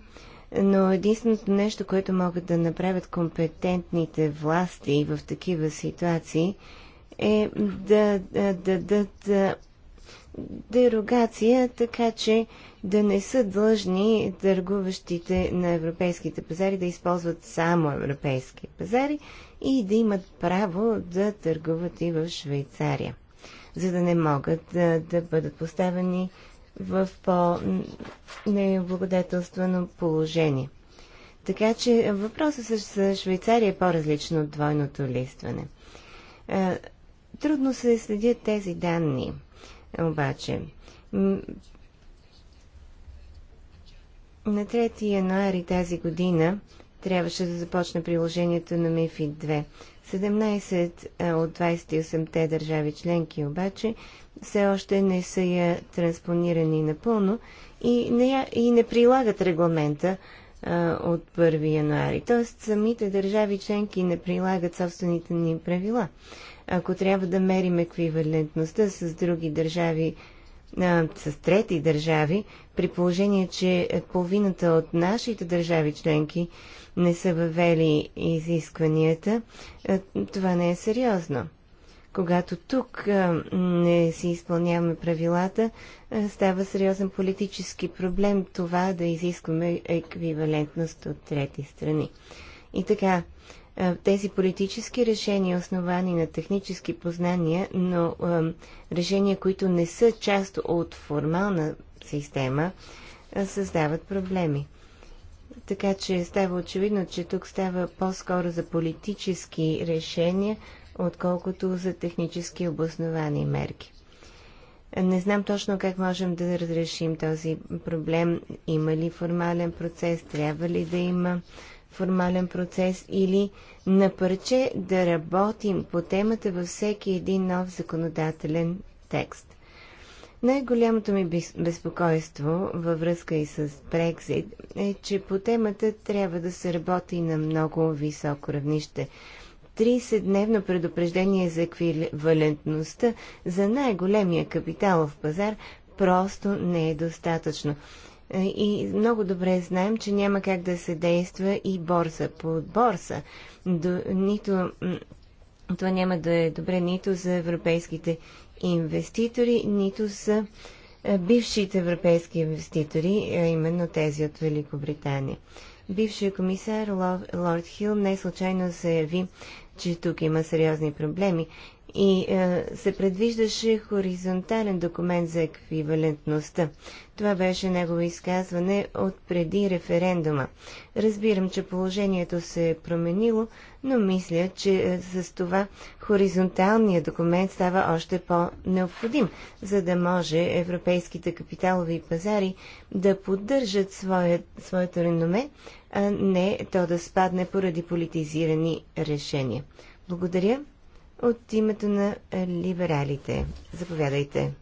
но единственото нещо, което могат да направят компетентните власти в такива ситуации, е да дадат да, дерогация, така че да не са длъжни търгуващите на европейските пазари да използват само европейски пазари и да имат право да търгуват и в Швейцария, за да не могат да, да бъдат поставени в по-неблагодетелствено положение. Така че въпросът с Швейцария е по-различно от двойното листване. Трудно се следят тези данни, обаче. На 3 януари тази година трябваше да започне приложението на МИФИД 2. 17 от 28-те държави членки обаче все още не са я транспонирани напълно и не, я, и не прилагат регламента от 1 януари. Тоест, самите държави членки не прилагат собствените ни правила. Ако трябва да мерим еквивалентността с други държави, с трети държави, при положение, че половината от нашите държави членки не са въвели изискванията, това не е сериозно когато тук не си изпълняваме правилата, става сериозен политически проблем това да изискваме еквивалентност от трети страни. И така, тези политически решения, основани на технически познания, но решения, които не са част от формална система, създават проблеми. Така че става очевидно, че тук става по-скоро за политически решения, отколкото за технически обосновани мерки. Не знам точно как можем да разрешим този проблем. Има ли формален процес? Трябва ли да има формален процес? Или на парче да работим по темата във всеки един нов законодателен текст? Най-голямото ми безпокойство във връзка и с Брекзит е, че по темата трябва да се работи на много високо равнище. 30-дневно предупреждение за еквивалентността за най-големия в пазар просто не е достатъчно. Е, и много добре знаем, че няма как да се действа и борса по борса. До, нито, това няма да е добре нито за европейските инвеститори, нито за е, бившите европейски инвеститори, а именно тези от Великобритания. Бившият комисар Лорд Хил не случайно заяви че тук има сериозни проблеми. И е, се предвиждаше хоризонтален документ за еквивалентността. Това беше негово изказване от преди референдума. Разбирам, че положението се е променило, но мисля, че е, с това хоризонталният документ става още по-необходим, за да може европейските капиталови пазари да поддържат своя, своето реноме, а не то да спадне поради политизирани решения. Благодаря. От името на либералите. Заповядайте.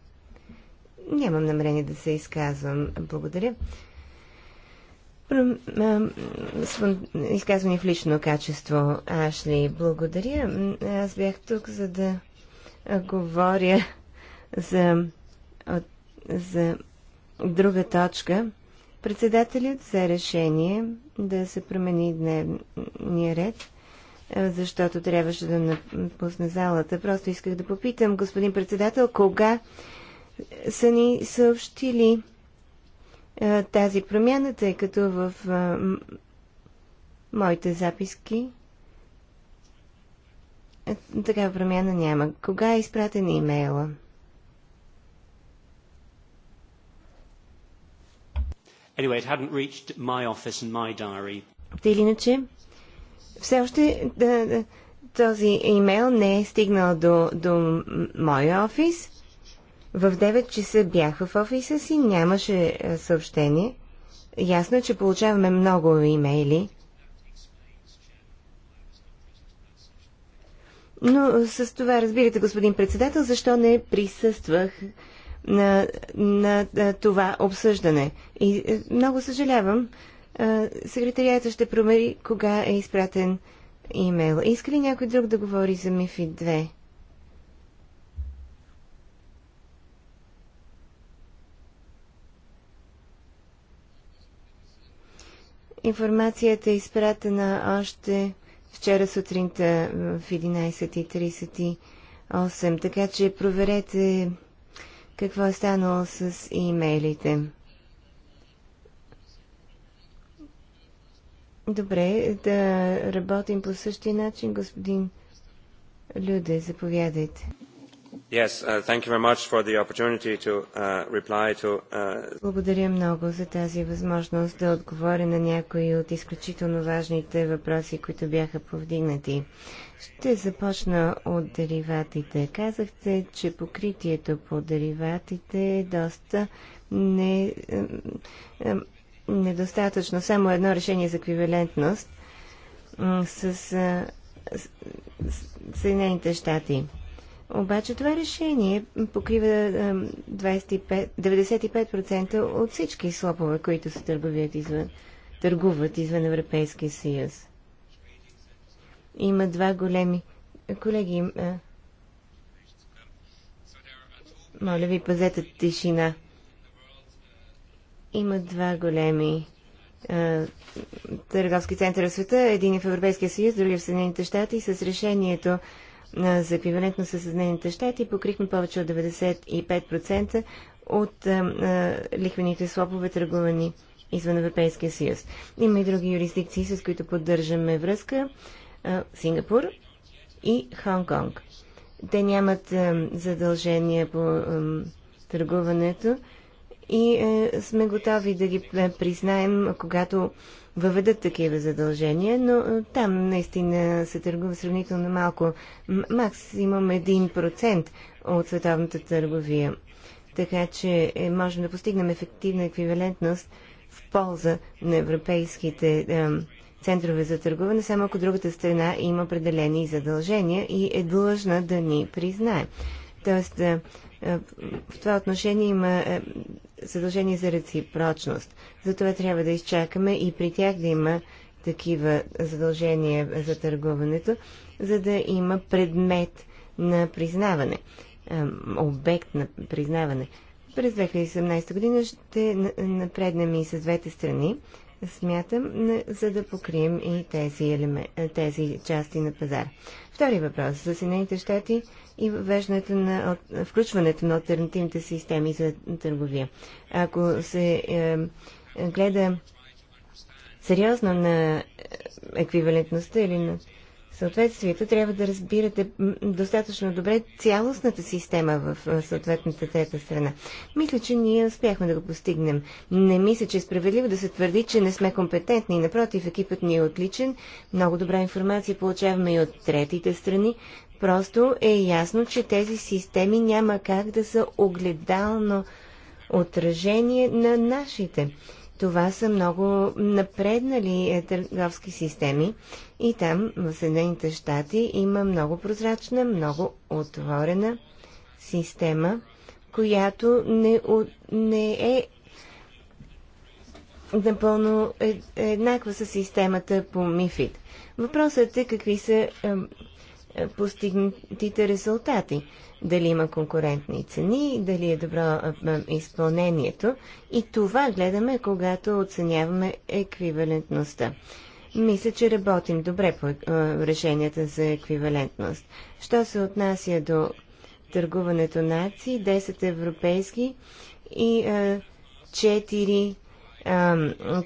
Нямам намерение да се изказвам. Благодаря. и в лично качество. Ашли, благодаря. Аз бях тук, за да говоря за, за друга точка. Председателят взе решение да се промени дневния ред, защото трябваше да напусне залата. Просто исках да попитам, господин председател, кога са ни съобщили тази промяна, тъй като в моите записки такава промяна няма. Кога е изпратен имейла? Anyway, it hadn't reached my office and my diary. Те или иначе, все още да, е, да, е, този имейл не е стигнал до, до моя офис. В 9 часа бях в офиса си, нямаше е, съобщение. Ясно е, че получаваме много имейли. Но с това разбирате, господин председател, защо не присъствах на, на, на това обсъждане. И е, много съжалявам, секретарията ще промери кога е изпратен имейл. Иска ли някой друг да говори за Мифи 2? Информацията е изпратена още вчера сутринта в 11.38, така че проверете какво е станало с имейлите. Добре, да работим по същия начин, господин Люде, заповядайте. Yes, uh, thank you very much for the opportunity to uh, reply to... Uh... Благодаря много за тази възможност да отговоря на някои от изключително важните въпроси, които бяха повдигнати. Uh, ще започна от дериватите. Казахте, че покритието по дериватите е доста не, е, е, недостатъчно. Само едно решение за еквивалентност с, е, с Съединените щати. Обаче това решение покрива 25, е, 95% от всички слопове, които се търговият извън, търгуват извън Европейския съюз има два големи. Колеги, моля ви, пазете тишина. Има два големи търговски центъра в света. Един е в Европейския съюз, другия е в Съединените щати. С решението за еквивалентно със Съединените щати покрихме повече от 95% от а, а, лихвените слопове, търгувани извън Европейския съюз. Има и други юрисдикции, с които поддържаме връзка. Сингапур и Хонг-Конг. Те нямат задължения по търгуването и сме готови да ги признаем, когато въведат такива задължения, но там наистина се търгува сравнително малко. Максимум 1% от световната търговия. Така че е, можем да постигнем ефективна еквивалентност в полза на европейските центрове за търгуване, само ако другата страна има определени задължения и е длъжна да ни признае. Тоест, е, е, в това отношение има е, задължение за реципрочност. Затова трябва да изчакаме и при тях да има такива задължения за търгуването, за да има предмет на признаване, обект на признаване. През 2017 година ще напреднем и с двете страни смятам, за да покрием и тези, елемент, е, тези части на пазара. Втори въпрос за Съединените щати и въвеждането на, включването на альтернативните системи за търговия. Ако се е, е гледа сериозно на е, еквивалентността или на съответствието, трябва да разбирате достатъчно добре цялостната система в съответната трета страна. Мисля, че ние успяхме да го постигнем. Не мисля, че е справедливо да се твърди, че не сме компетентни. Напротив, екипът ни е отличен. Много добра информация получаваме и от третите страни. Просто е ясно, че тези системи няма как да са огледално отражение на нашите. Това са много напреднали е, търговски системи и там в Съединените щати има много прозрачна, много отворена система, която не, не е напълно е, е, еднаква с системата по МИФИД. Въпросът е какви са постигнатите резултати. Дали има конкурентни цени, дали е добро изпълнението. И това гледаме, когато оценяваме еквивалентността. Мисля, че работим добре по решенията за еквивалентност. Що се отнася до търгуването на акции, 10 европейски и 4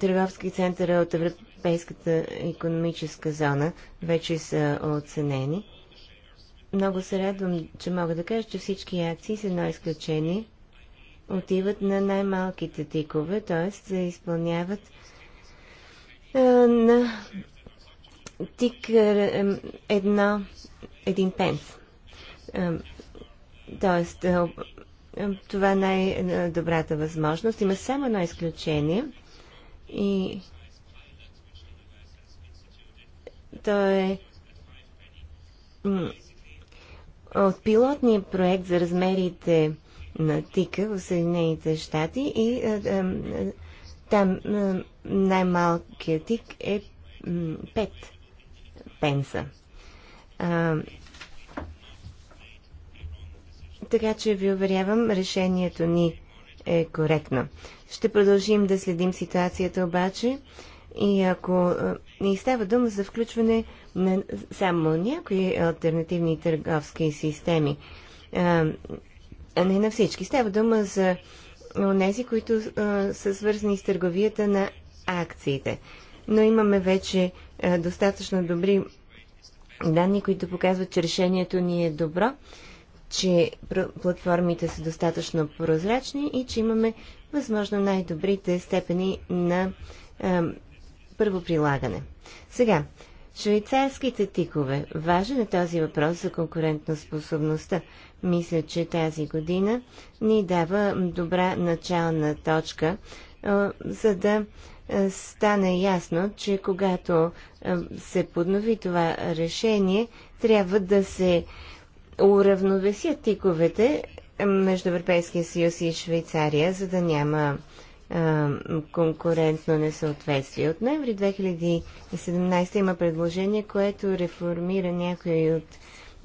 търговски центъра от Европейската економическа зона вече са оценени. Много се радвам, че мога да кажа, че всички акции с едно изключение отиват на най-малките тикове, т.е. се изпълняват а, на тик а, едно, един пенс. Т.е. това е най-добрата възможност. Има само едно изключение и то е от пилотния проект за размерите на тика в Съединените щати и там най-малкият тик е 5 пенса. А, така че ви уверявам, решението ни е коректно. Ще продължим да следим ситуацията обаче и ако не става дума за включване не само някои альтернативни търговски системи, а, а не на всички. Става дума за тези, които а, са свързани с търговията на акциите. Но имаме вече а, достатъчно добри данни, които показват, че решението ни е добро, че платформите са достатъчно прозрачни и че имаме възможно най-добрите степени на а, първо прилагане. Сега, Швейцарските тикове. Важен е този въпрос за конкурентоспособността. Мисля, че тази година ни дава добра начална точка, за да стане ясно, че когато се поднови това решение, трябва да се уравновесят тиковете между Европейския съюз и Швейцария, за да няма конкурентно несъответствие. От ноември 2017 има предложение, което реформира някои от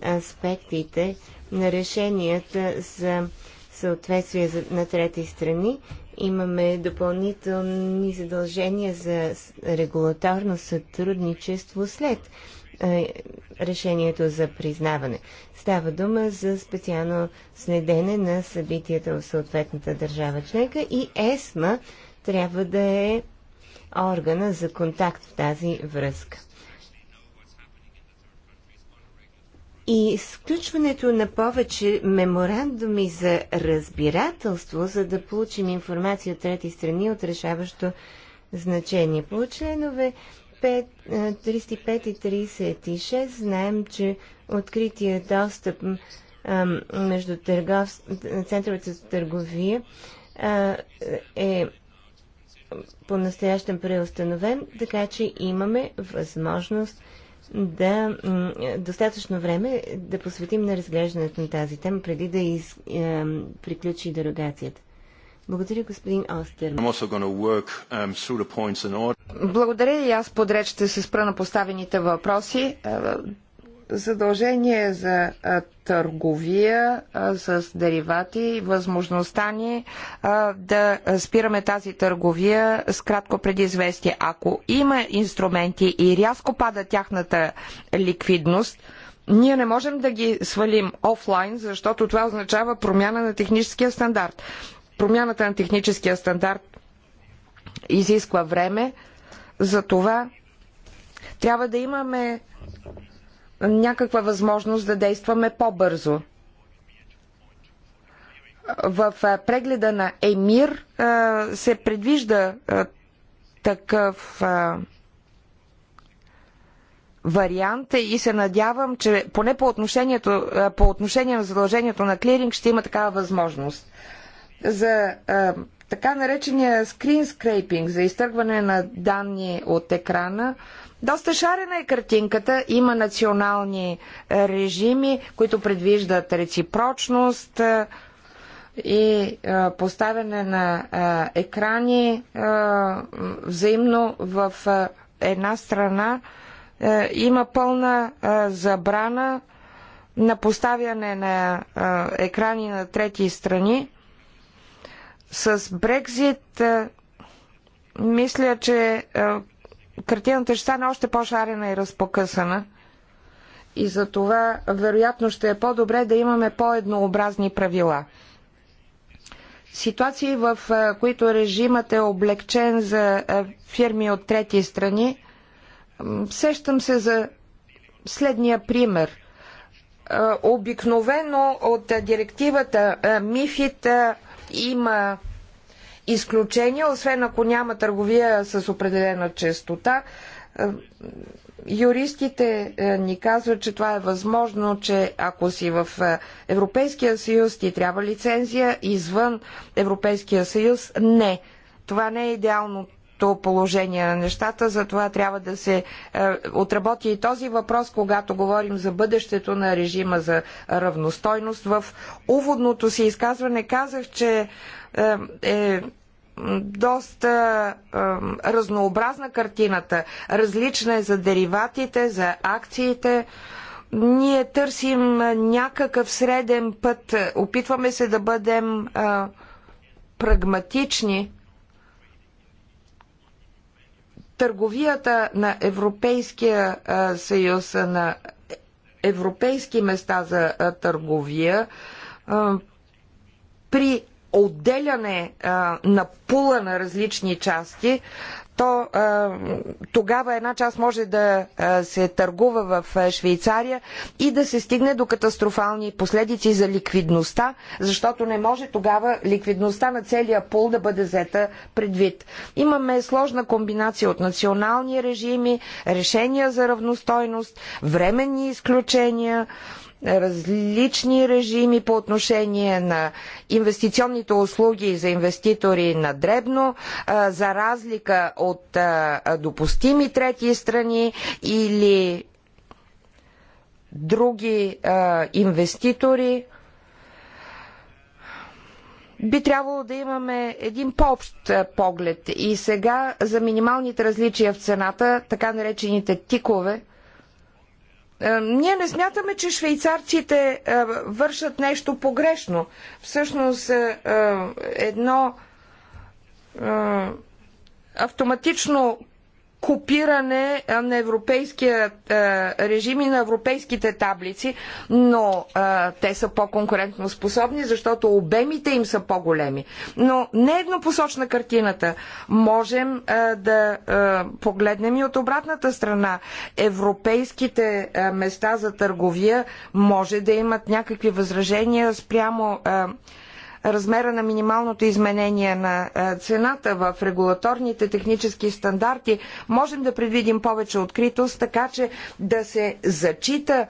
аспектите на решенията за съответствие на трети страни. Имаме допълнителни задължения за регулаторно сътрудничество след е, решението за признаване. Става дума за специално следене на събитията в съответната държава членка и ЕСМА трябва да е органа за контакт в тази връзка. И сключването на повече меморандуми за разбирателство, за да получим информация от трети страни от решаващо значение. По членове 35, и 36 знаем, че открития достъп между търгов... центровете за търговия е по-настоящен преустановен, така че имаме възможност да достатъчно време да посветим на разглеждането на тази тема, преди да из, приключи дерогацията. Благодаря, господин Остер. Um, Благодаря и аз подред ще се спра на поставените въпроси. Е, задължение за търговия с деривати, възможността ни да спираме тази търговия с кратко предизвестие. Ако има инструменти и рязко пада тяхната ликвидност, ние не можем да ги свалим офлайн, защото това означава промяна на техническия стандарт. Промяната на техническия стандарт изисква време, затова трябва да имаме някаква възможност да действаме по-бързо. В прегледа на ЕМИР се предвижда такъв вариант е и се надявам, че поне по, отношението, по отношение на задължението на клиринг ще има такава възможност за а, така наречения скрин скрейпинг, за изтъргване на данни от екрана, доста шарена е картинката. Има национални режими, които предвиждат реципрочност и поставяне на екрани взаимно в една страна. Има пълна забрана на поставяне на екрани на трети страни с Брекзит мисля, че картината ще стане още по-шарена и разпокъсана. И за това вероятно ще е по-добре да имаме по-еднообразни правила. Ситуации, в които режимът е облегчен за фирми от трети страни, сещам се за следния пример. Обикновено от директивата МИФИТ има изключения, освен ако няма търговия с определена честота. Е, юристите е, ни казват, че това е възможно, че ако си в е, Европейския съюз ти трябва лицензия, извън Европейския съюз не. Това не е идеално общото положение на нещата. Затова трябва да се е, отработи и този въпрос, когато говорим за бъдещето на режима за равностойност. В уводното си изказване казах, че е, е доста е, разнообразна картината. Различна е за дериватите, за акциите. Ние търсим някакъв среден път. Опитваме се да бъдем е, прагматични търговията на Европейския съюз на европейски места за търговия при отделяне на пула на различни части то тогава една част може да се търгува в Швейцария и да се стигне до катастрофални последици за ликвидността, защото не може тогава ликвидността на целия пул да бъде взета предвид. Имаме сложна комбинация от национални режими, решения за равностойност, временни изключения, различни режими по отношение на инвестиционните услуги за инвеститори на дребно, за разлика от допустими трети страни или други инвеститори. Би трябвало да имаме един по-общ поглед. И сега за минималните различия в цената, така наречените тикове – е, ние не смятаме, че швейцарците е, вършат нещо погрешно. Всъщност е, едно автоматично копиране на европейския режим и на европейските таблици, но те са по-конкурентно способни, защото обемите им са по-големи. Но не е еднопосочна картината. Можем да погледнем и от обратната страна. Европейските места за търговия може да имат някакви възражения спрямо размера на минималното изменение на е, цената в регулаторните технически стандарти, можем да предвидим повече откритост, така че да се зачита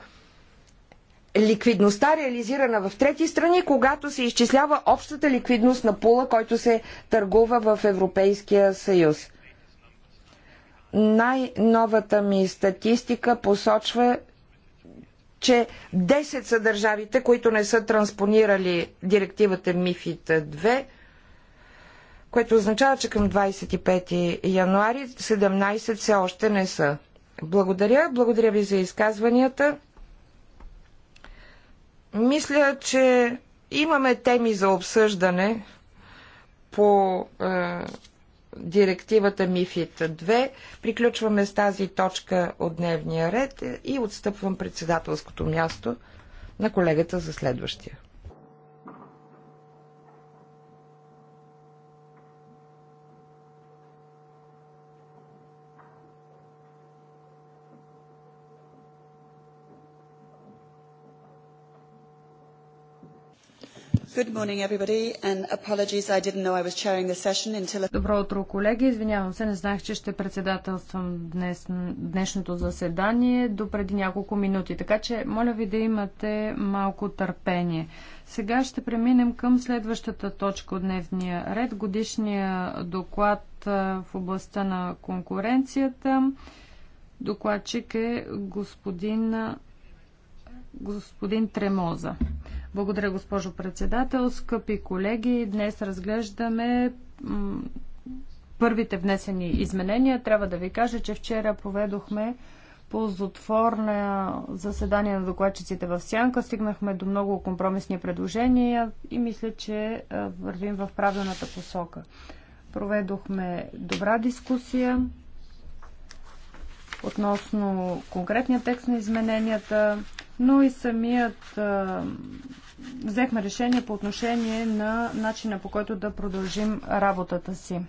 ликвидността реализирана в трети страни, когато се изчислява общата ликвидност на пула, който се търгува в Европейския съюз. Най-новата ми статистика посочва, че 10 са държавите, които не са транспонирали директивата МИФИТ 2, което означава, че към 25 януари 17 все още не са. Благодаря. Благодаря ви за изказванията. Мисля, че имаме теми за обсъждане по е, директивата МИФИТ 2. Приключваме с тази точка от дневния ред и отстъпвам председателското място на колегата за следващия. Until... Добро утро, колеги. Извинявам се, не знаех, че ще председателствам днес, днешното заседание до преди няколко минути. Така че, моля ви да имате малко търпение. Сега ще преминем към следващата точка от дневния ред. Годишния доклад в областта на конкуренцията. Докладчик е господин господин Тремоза. Благодаря, госпожо председател. Скъпи колеги, днес разглеждаме първите внесени изменения. Трябва да ви кажа, че вчера проведохме ползотворна заседание на докладчиците в Сянка. Стигнахме до много компромисни предложения и мисля, че е, вървим в правилната посока. Проведохме добра дискусия относно конкретния текст на измененията но и самият а, взехме решение по отношение на начина по който да продължим работата си.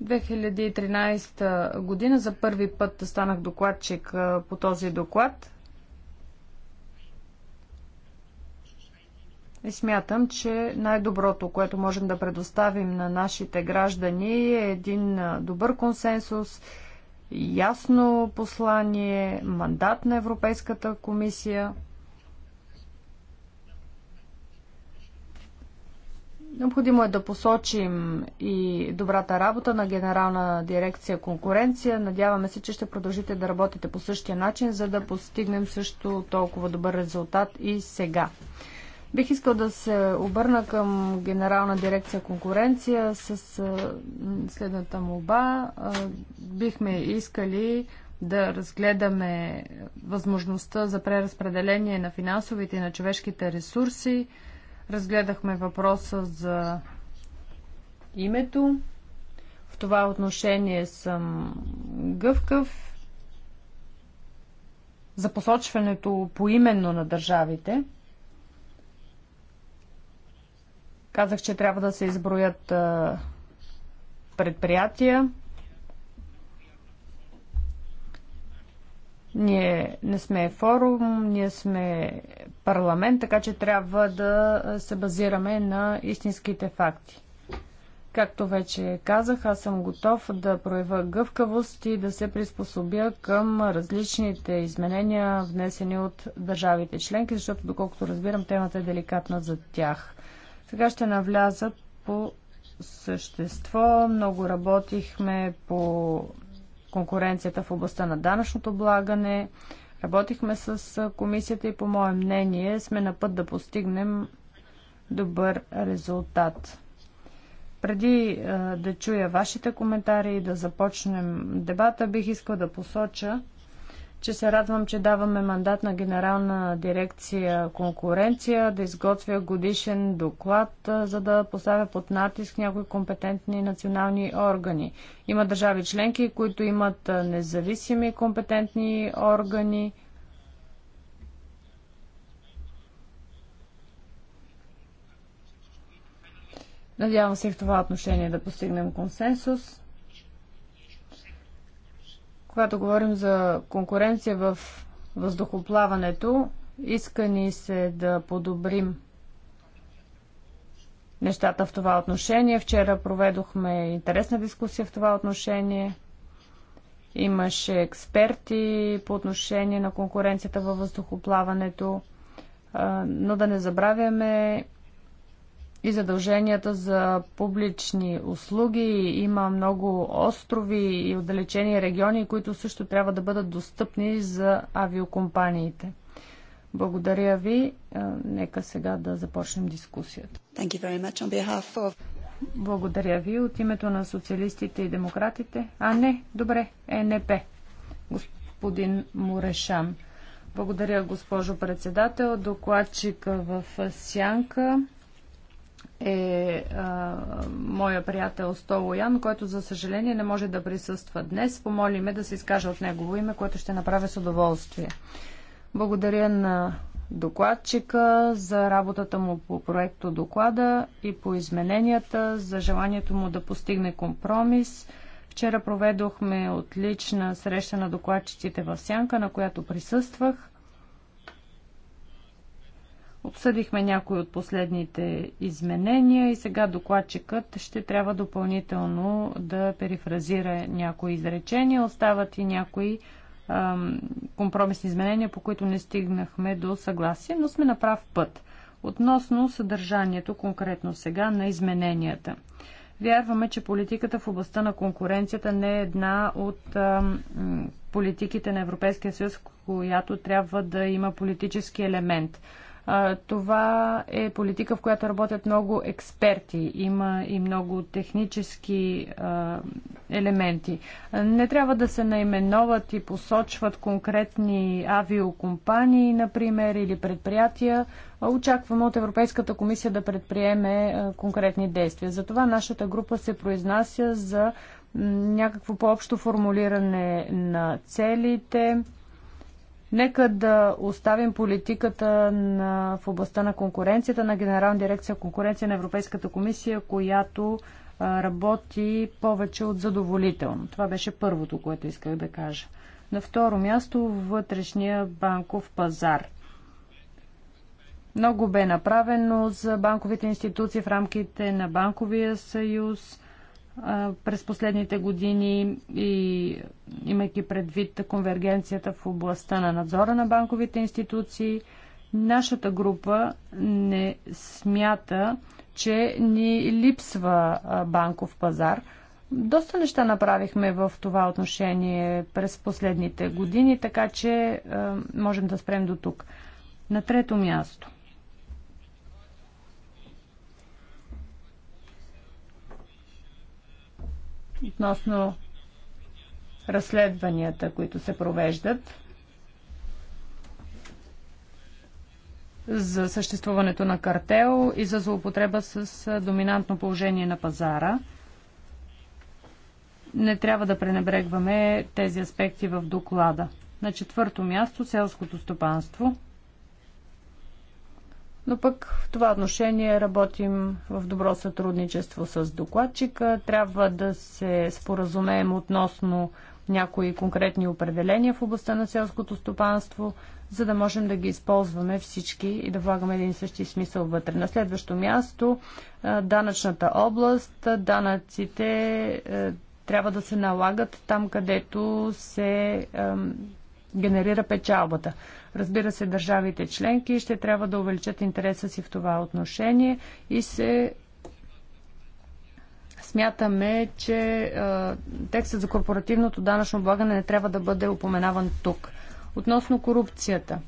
В 2013 година за първи път станах докладчик по този доклад. И смятам, че най-доброто, което можем да предоставим на нашите граждани е един добър консенсус, ясно послание, мандат на Европейската комисия. Необходимо е да посочим и добрата работа на Генерална дирекция конкуренция. Надяваме се, че ще продължите да работите по същия начин, за да постигнем също толкова добър резултат и сега. Бих искал да се обърна към Генерална дирекция конкуренция с следната молба. Бихме искали да разгледаме възможността за преразпределение на финансовите и на човешките ресурси. Разгледахме въпроса за името. В това отношение съм гъвкав за посочването поименно на държавите – Казах, че трябва да се изброят предприятия. Ние не сме форум, ние сме парламент, така че трябва да се базираме на истинските факти. Както вече казах, аз съм готов да проявя гъвкавост и да се приспособя към различните изменения, внесени от държавите членки, защото доколкото разбирам, темата е деликатна за тях. Сега ще навляза по същество. Много работихме по конкуренцията в областта на данъчното облагане. Работихме с комисията и по мое мнение сме на път да постигнем добър резултат. Преди да чуя вашите коментари и да започнем дебата, бих искал да посоча, че се радвам, че даваме мандат на Генерална дирекция конкуренция да изготвя годишен доклад, за да поставя под натиск някои компетентни национални органи. Има държави членки, които имат независими компетентни органи. Надявам се в това отношение да постигнем консенсус. Когато говорим за конкуренция в въздухоплаването, иска ни се да подобрим нещата в това отношение. Вчера проведохме интересна дискусия в това отношение. Имаше експерти по отношение на конкуренцията във въздухоплаването, но да не забравяме и задълженията за публични услуги. Има много острови и отдалечени региони, които също трябва да бъдат достъпни за авиокомпаниите. Благодаря ви. Нека сега да започнем дискусията. Of... Благодаря ви от името на социалистите и демократите. А не, добре, ЕНП. Господин Мурешан. Благодаря, госпожо председател. Докладчика в Сянка е а, моя приятел Ян, който за съжаление не може да присъства днес. Помоли ме да се изкажа от негово име, което ще направя с удоволствие. Благодаря на докладчика за работата му по проекто доклада и по измененията, за желанието му да постигне компромис. Вчера проведохме отлична среща на докладчиците в Сянка, на която присъствах. Обсъдихме някои от последните изменения и сега докладчикът ще трябва допълнително да перифразира някои изречения. Остават и някои ам, компромисни изменения, по които не стигнахме до съгласие, но сме на прав път. Относно съдържанието конкретно сега на измененията. Вярваме, че политиката в областта на конкуренцията не е една от ам, политиките на Европейския съюз, която трябва да има политически елемент – това е политика, в която работят много експерти. Има и много технически елементи. Не трябва да се наименоват и посочват конкретни авиокомпании, например, или предприятия. Очакваме от Европейската комисия да предприеме конкретни действия. Затова нашата група се произнася за някакво по-общо формулиране на целите, Нека да оставим политиката на, в областта на конкуренцията на Генерална дирекция конкуренция на Европейската комисия, която а, работи повече от задоволително. Това беше първото, което исках да кажа. На второ място вътрешния банков пазар. Много бе направено за банковите институции в рамките на Банковия съюз – през последните години и имайки предвид конвергенцията в областта на надзора на банковите институции, нашата група не смята, че ни липсва банков пазар. Доста неща направихме в това отношение през последните години, така че можем да спрем до тук. На трето място. относно разследванията, които се провеждат за съществуването на картел и за злоупотреба с доминантно положение на пазара. Не трябва да пренебрегваме тези аспекти в доклада. На четвърто място селското стопанство – но пък в това отношение работим в добро сътрудничество с докладчика. Трябва да се споразумеем относно някои конкретни определения в областта на селското стопанство, за да можем да ги използваме всички и да влагаме един същи смисъл вътре. На следващо място, данъчната област, данъците е, трябва да се налагат там, където се генерира печалбата. Разбира се, държавите членки ще трябва да увеличат интереса си в това отношение и се смятаме, че текстът за корпоративното данъчно облагане не трябва да бъде упоменаван тук. Относно корупцията.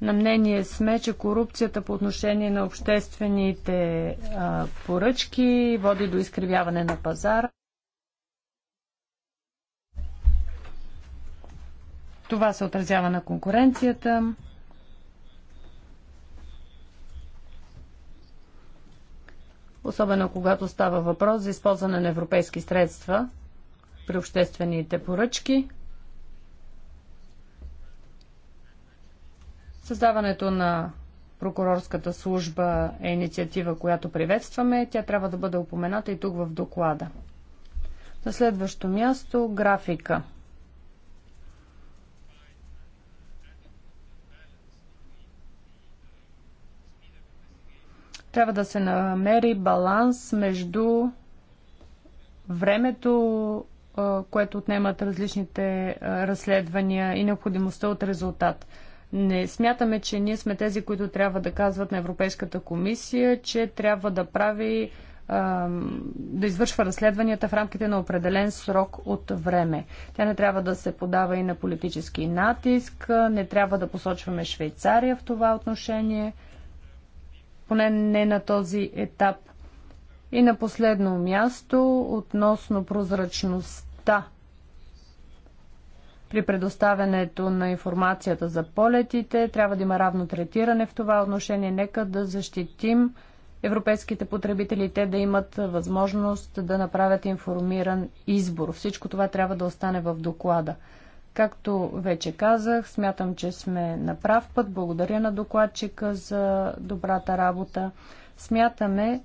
На мнение сме, че корупцията по отношение на обществените поръчки води до изкривяване на пазара. Това се отразява на конкуренцията. Особено когато става въпрос за използване на европейски средства при обществените поръчки. Създаването на прокурорската служба е инициатива, която приветстваме. Тя трябва да бъде упомената и тук в доклада. На следващо място графика. Трябва да се намери баланс между времето, което отнемат различните разследвания и необходимостта от резултат. Не смятаме, че ние сме тези, които трябва да казват на Европейската комисия, че трябва да прави да извършва разследванията в рамките на определен срок от време. Тя не трябва да се подава и на политически натиск, не трябва да посочваме Швейцария в това отношение – поне не на този етап. И на последно място, относно прозрачността при предоставянето на информацията за полетите, трябва да има равно третиране в това отношение. Нека да защитим европейските потребители, те да имат възможност да направят информиран избор. Всичко това трябва да остане в доклада. Както вече казах, смятам, че сме на прав път. Благодаря на докладчика за добрата работа. Смятаме,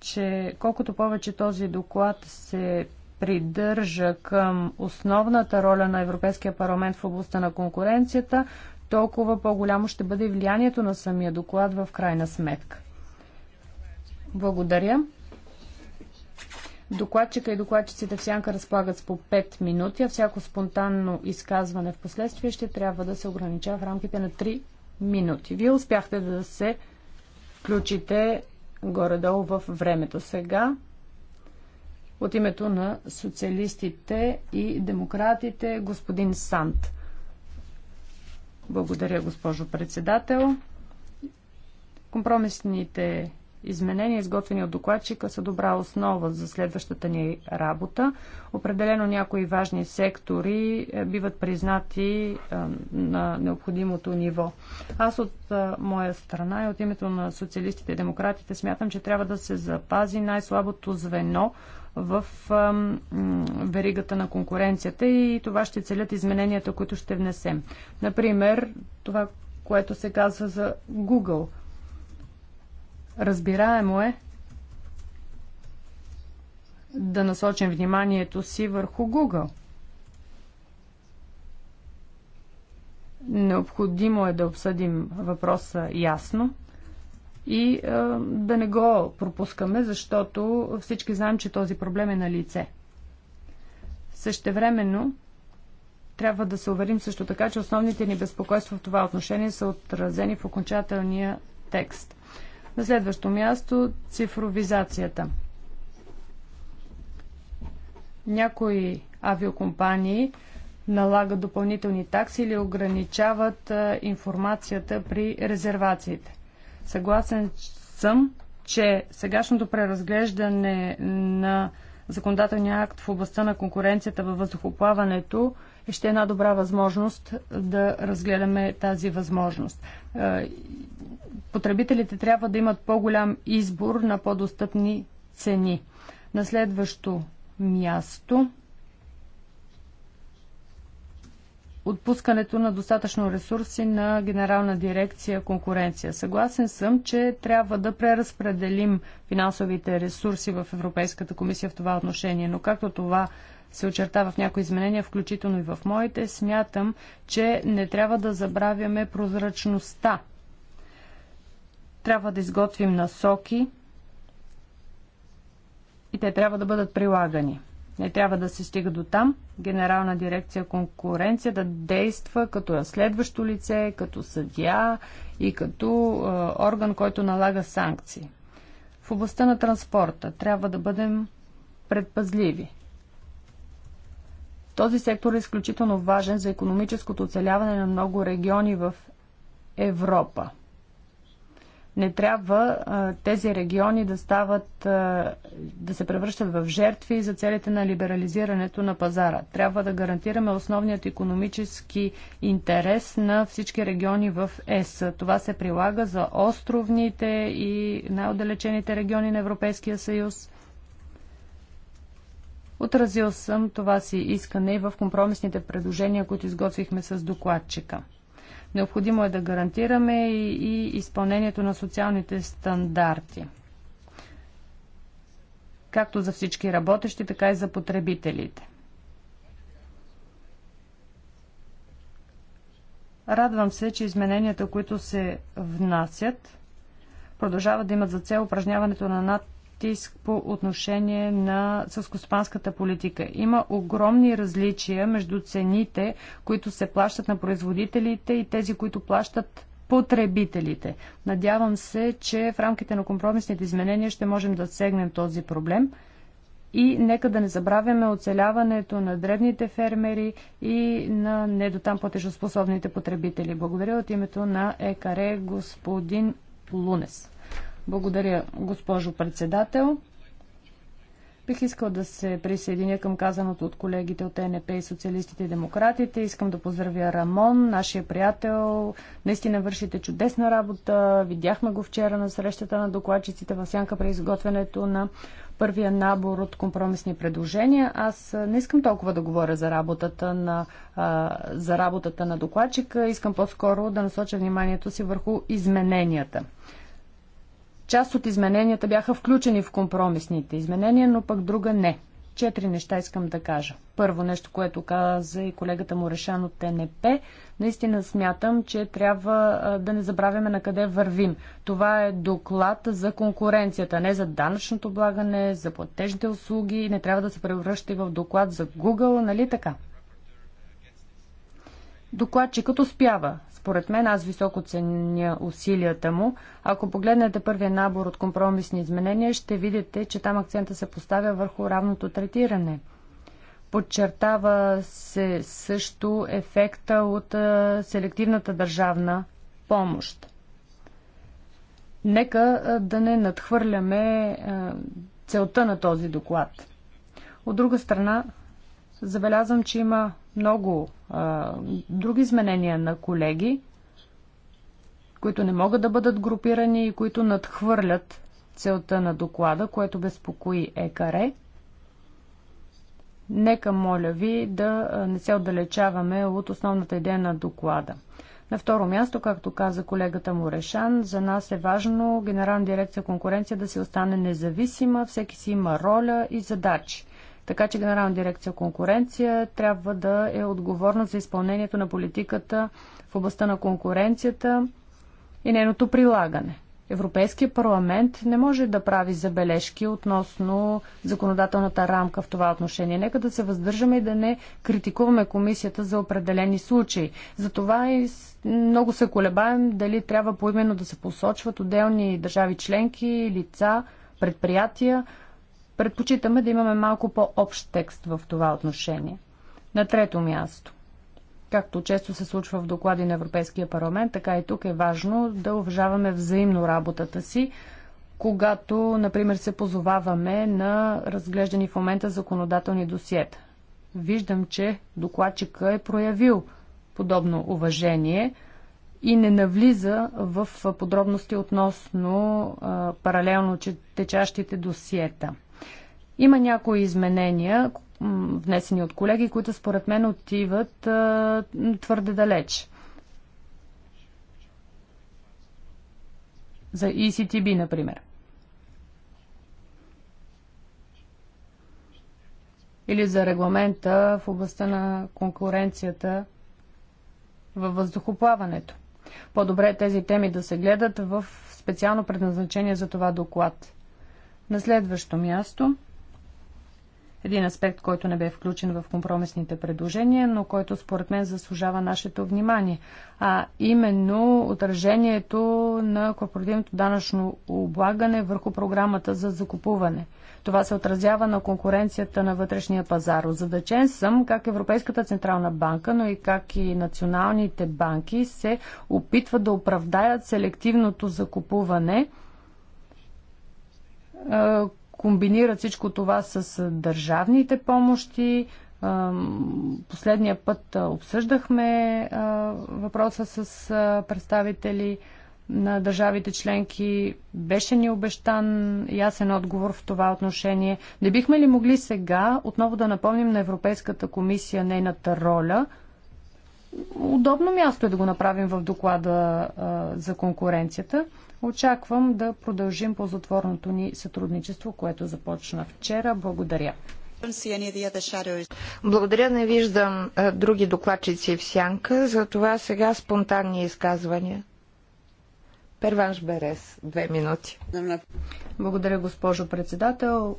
че колкото повече този доклад се придържа към основната роля на Европейския парламент в областта на конкуренцията, толкова по-голямо ще бъде влиянието на самия доклад в крайна сметка. Благодаря. Докладчика и докладчиците в сянка разполагат с по 5 минути, а всяко спонтанно изказване в последствие ще трябва да се ограничава в рамките на 3 минути. Вие успяхте да се включите горе-долу в времето сега. От името на социалистите и демократите, господин Сант. Благодаря, госпожо председател. Компромисните изменения, изготвени от докладчика, са добра основа за следващата ни работа. Определено някои важни сектори е, биват признати е, на необходимото ниво. Аз от е, моя страна и от името на социалистите и демократите смятам, че трябва да се запази най-слабото звено в веригата на конкуренцията и това ще целят измененията, които ще внесем. Например, това, което се казва за Google – Разбираемо е да насочим вниманието си върху Google. Необходимо е да обсъдим въпроса ясно и е, да не го пропускаме, защото всички знаем, че този проблем е на лице. Същевременно трябва да се уверим също така, че основните ни безпокойства в това отношение са отразени в окончателния текст. На следващо място цифровизацията. Някои авиокомпании налагат допълнителни такси или ограничават информацията при резервациите. Съгласен съм, че сегашното преразглеждане на законодателния акт в областта на конкуренцията във въздухоплаването е ще е една добра възможност да разгледаме тази възможност потребителите трябва да имат по-голям избор на по-достъпни цени. На следващо място отпускането на достатъчно ресурси на Генерална дирекция конкуренция. Съгласен съм, че трябва да преразпределим финансовите ресурси в Европейската комисия в това отношение, но както това се очертава в някои изменения, включително и в моите, смятам, че не трябва да забравяме прозрачността трябва да изготвим насоки и те трябва да бъдат прилагани. Не трябва да се стига до там. Генерална дирекция конкуренция да действа като следващо лице, като съдия и като е, орган, който налага санкции. В областта на транспорта трябва да бъдем предпазливи. Този сектор е изключително важен за економическото оцеляване на много региони в Европа. Не трябва тези региони да стават, да се превръщат в жертви за целите на либерализирането на пазара. Трябва да гарантираме основният економически интерес на всички региони в ЕС. Това се прилага за островните и най-отдалечените региони на Европейския съюз. Отразил съм това си искане и в компромисните предложения, които изготвихме с докладчика. Необходимо е да гарантираме и, и изпълнението на социалните стандарти. Както за всички работещи, така и за потребителите. Радвам се, че измененията, които се внасят, продължават да имат за цел упражняването на над натиск по отношение на съскоспанската политика. Има огромни различия между цените, които се плащат на производителите и тези, които плащат потребителите. Надявам се, че в рамките на компромисните изменения ще можем да сегнем този проблем. И нека да не забравяме оцеляването на древните фермери и на недотам платежоспособните потребители. Благодаря от името на ЕКАРЕ господин Лунес. Благодаря, госпожо председател. Бих искал да се присъединя към казаното от колегите от ЕНП и социалистите и демократите. Искам да поздравя Рамон, нашия приятел. Наистина вършите чудесна работа. Видяхме го вчера на срещата на докладчиците в Сянка при изготвянето на първия набор от компромисни предложения. Аз не искам толкова да говоря за работата на, за работата на докладчика. Искам по-скоро да насоча вниманието си върху измененията. Част от измененията бяха включени в компромисните изменения, но пък друга не. Четири неща искам да кажа. Първо нещо, което каза и колегата му Решан от ТНП, наистина смятам, че трябва да не забравяме на къде вървим. Това е доклад за конкуренцията, не за данъчното облагане, за платежните услуги, не трябва да се превръща и в доклад за Google, нали така? Докладчикът успява. Според мен аз високо ценя усилията му. Ако погледнете първия набор от компромисни изменения, ще видите, че там акцента се поставя върху равното третиране. Подчертава се също ефекта от селективната държавна помощ. Нека да не надхвърляме целта на този доклад. От друга страна, Забелязвам, че има много а, други изменения на колеги, които не могат да бъдат групирани и които надхвърлят целта на доклада, което безпокои ЕКАРЕ. Нека, моля ви, да не се отдалечаваме от основната идея на доклада. На второ място, както каза колегата Морешан, за нас е важно Генерална дирекция конкуренция да се остане независима, всеки си има роля и задачи. Така че Генерална дирекция конкуренция трябва да е отговорна за изпълнението на политиката в областта на конкуренцията и нейното прилагане. Европейския парламент не може да прави забележки относно законодателната рамка в това отношение. Нека да се въздържаме и да не критикуваме комисията за определени случаи. Затова и много се колебаем дали трябва поименно да се посочват отделни държави членки, лица, предприятия, Предпочитаме да имаме малко по-общ текст в това отношение. На трето място. Както често се случва в доклади на Европейския парламент, така и тук е важно да уважаваме взаимно работата си, когато, например, се позоваваме на разглеждани в момента законодателни досиета. Виждам, че докладчика е проявил подобно уважение и не навлиза в подробности относно а, паралелно течащите досиета. Има някои изменения, внесени от колеги, които според мен отиват твърде далеч. За ECTB, например. Или за регламента в областта на конкуренцията във въздухоплаването. По-добре е тези теми да се гледат в специално предназначение за това доклад. На следващо място – един аспект, който не бе включен в компромисните предложения, но който според мен заслужава нашето внимание, а именно отражението на корпоративното данъчно облагане върху програмата за закупуване. Това се отразява на конкуренцията на вътрешния пазар. Озадачен съм как Европейската Централна банка, но и как и националните банки се опитват да оправдаят селективното закупуване, комбинират всичко това с държавните помощи. Последния път обсъждахме въпроса с представители на държавите членки. Беше ни обещан ясен отговор в това отношение. Не бихме ли могли сега отново да напомним на Европейската комисия нейната роля? Удобно място е да го направим в доклада за конкуренцията. Очаквам да продължим ползотворното ни сътрудничество, което започна вчера. Благодаря. Благодаря, не виждам а, е, други докладчици в сянка, за това сега спонтанни изказвания. Перванш Берес, две минути. Благодаря, госпожо председател.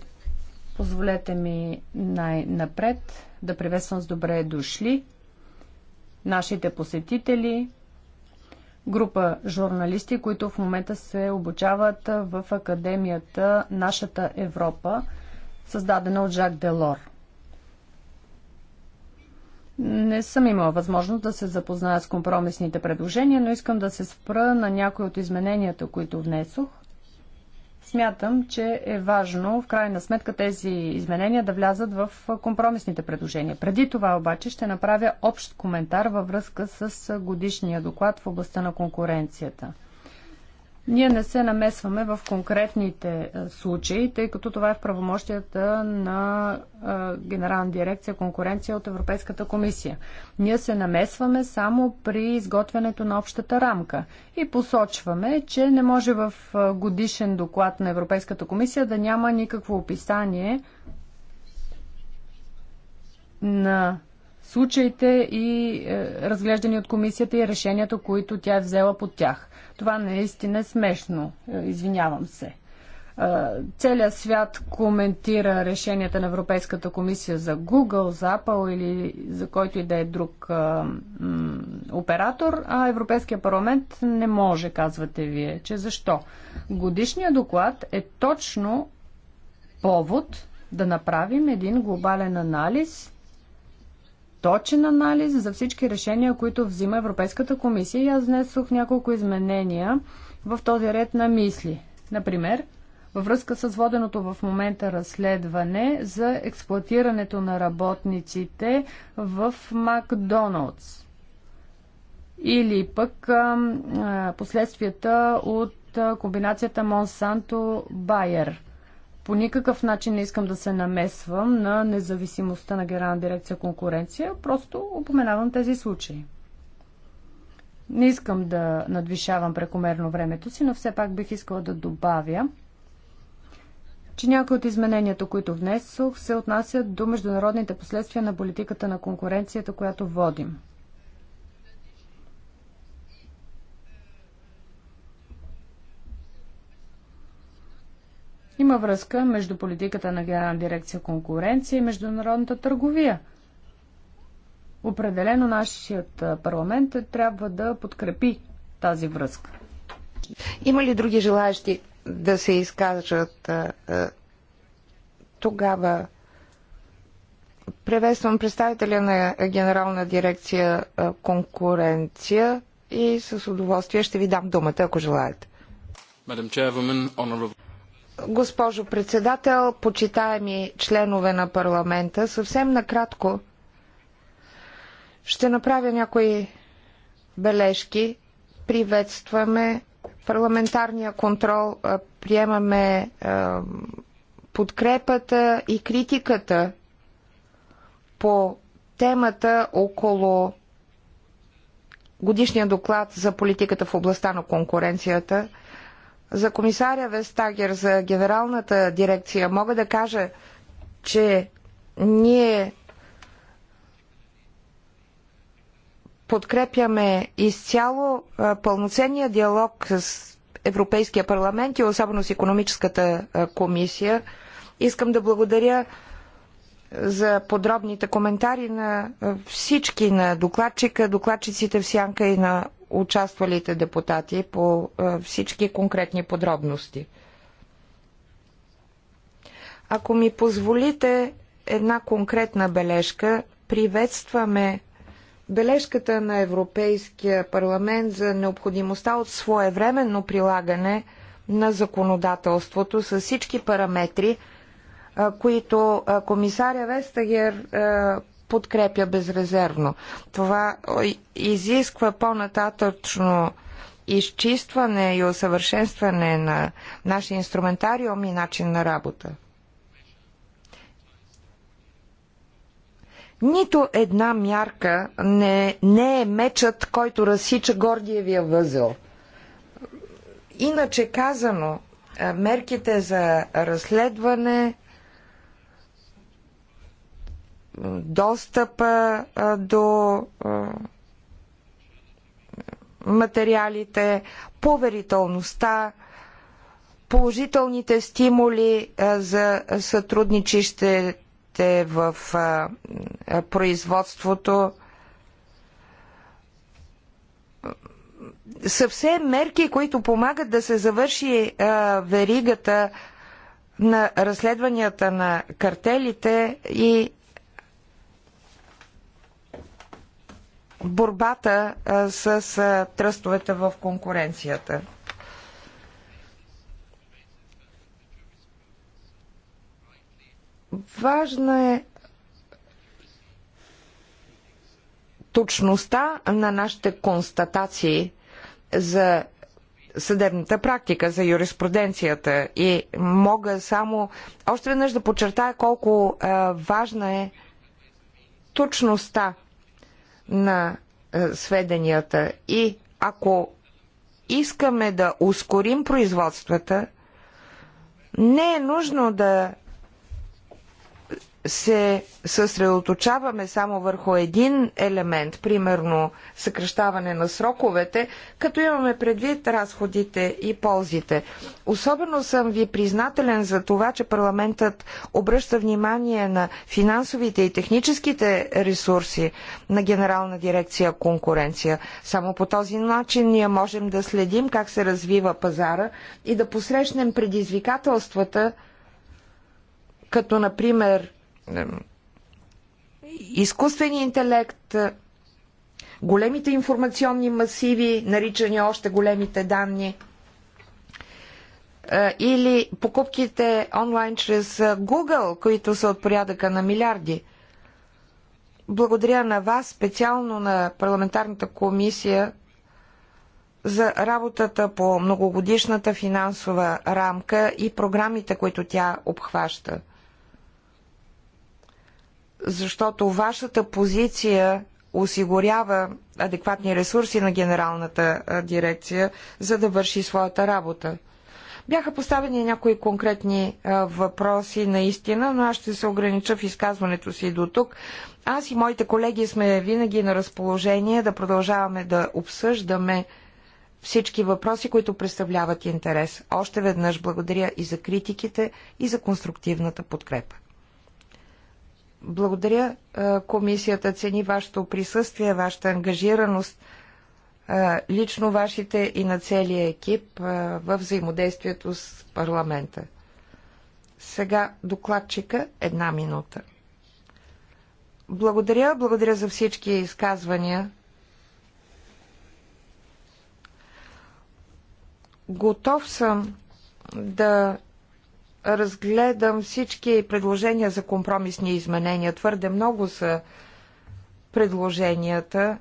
Позволете ми най-напред да приветствам с добре дошли нашите посетители, група журналисти, които в момента се обучават в Академията Нашата Европа, създадена от Жак Делор. Не съм имала възможност да се запозная с компромисните предложения, но искам да се спра на някои от измененията, които внесох смятам, че е важно в крайна сметка тези изменения да влязат в компромисните предложения. Преди това обаче ще направя общ коментар във връзка с годишния доклад в областта на конкуренцията. Ние не се намесваме в конкретните е, случаи, тъй като това е в правомощията на е, Генерална дирекция конкуренция от Европейската комисия. Ние се намесваме само при изготвянето на общата рамка и посочваме, че не може в е, годишен доклад на Европейската комисия да няма никакво описание на случаите и е, разглеждани от комисията и решенията, които тя е взела под тях. Това наистина е смешно. Е, извинявам се. Е, целият свят коментира решенията на Европейската комисия за Google, за Apple или за който и да е друг оператор, а Европейския парламент не може, казвате вие. Че защо? Годишният доклад е точно повод да направим един глобален анализ точен анализ за всички решения, които взима Европейската комисия. И аз внесох няколко изменения в този ред на мисли. Например, във връзка с воденото в момента разследване за експлуатирането на работниците в Макдоналдс или пък а, последствията от комбинацията Монсанто-Байер. По никакъв начин не искам да се намесвам на независимостта на Генерална дирекция конкуренция, просто упоменавам тези случаи. Не искам да надвишавам прекомерно времето си, но все пак бих искала да добавя, че някои от измененията, които внесох, се отнасят до международните последствия на политиката на конкуренцията, която водим. Има връзка между политиката на Генерална дирекция конкуренция и международната търговия. Определено нашият парламент е, трябва да подкрепи тази връзка. Има ли други желаящи да се изкажат тогава? Приветствам представителя на Генерална дирекция конкуренция и с удоволствие ще ви дам думата, ако желаете. Госпожо председател, почитаеми членове на парламента, съвсем накратко ще направя някои бележки. Приветстваме парламентарния контрол, приемаме подкрепата и критиката по темата около годишния доклад за политиката в областта на конкуренцията – за комисаря Вестагер, за генералната дирекция, мога да кажа, че ние подкрепяме изцяло пълноценния диалог с Европейския парламент и особено с економическата комисия. Искам да благодаря за подробните коментари на всички, на докладчика, докладчиците в Сянка и на участвалите депутати по е, всички конкретни подробности. Ако ми позволите една конкретна бележка, приветстваме бележката на Европейския парламент за необходимостта от своевременно прилагане на законодателството с всички параметри, е, които е, комисаря Вестагер подкрепя безрезервно. Това изисква по-нататъчно изчистване и усъвършенстване на нашия инструментариум и начин на работа. Нито една мярка не, не е мечът, който разсича гордиевия възел. Иначе казано, е, мерките за разследване, достъпа до материалите, поверителността, положителните стимули за сътрудничещите в производството. Са все мерки, които помагат да се завърши веригата на разследванията на картелите и борбата с тръстовете в конкуренцията. Важна е точността на нашите констатации за съдебната практика, за юриспруденцията и мога само още веднъж да подчертая колко важна е точността на е, сведенията и ако искаме да ускорим производствата, не е нужно да се съсредоточаваме само върху един елемент, примерно съкръщаване на сроковете, като имаме предвид разходите и ползите. Особено съм ви признателен за това, че парламентът обръща внимание на финансовите и техническите ресурси на Генерална дирекция конкуренция. Само по този начин ние можем да следим как се развива пазара и да посрещнем предизвикателствата, като например изкуствения интелект, големите информационни масиви, наричани още големите данни, е, или покупките онлайн чрез е, Google, които са от порядъка на милиарди. Благодаря на вас, специално на парламентарната комисия за работата по многогодишната финансова рамка и програмите, които тя обхваща защото вашата позиция осигурява адекватни ресурси на генералната дирекция, за да върши своята работа. Бяха поставени някои конкретни въпроси наистина, но аз ще се огранича в изказването си до тук. Аз и моите колеги сме винаги на разположение да продължаваме да обсъждаме всички въпроси, които представляват интерес. Още веднъж благодаря и за критиките, и за конструктивната подкрепа. Благодаря. Комисията цени вашето присъствие, вашата ангажираност, лично вашите и на целия екип в взаимодействието с парламента. Сега докладчика една минута. Благодаря, благодаря за всички изказвания. Готов съм да разгледам всички предложения за компромисни изменения. Твърде много са предложенията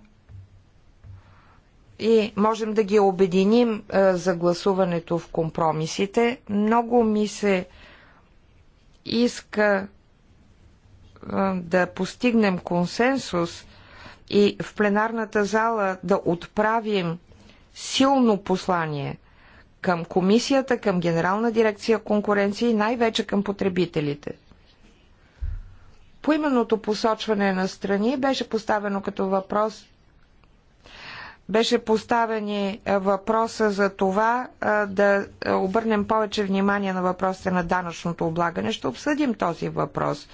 и можем да ги обединим е, за гласуването в компромисите. Много ми се иска е, да постигнем консенсус и в пленарната зала да отправим силно послание – към комисията, към Генерална дирекция конкуренция и най-вече към потребителите. Поименното посочване на страни беше поставено като въпрос беше поставени въпроса за това да обърнем повече внимание на въпросите на данъчното облагане. Ще обсъдим този въпрос.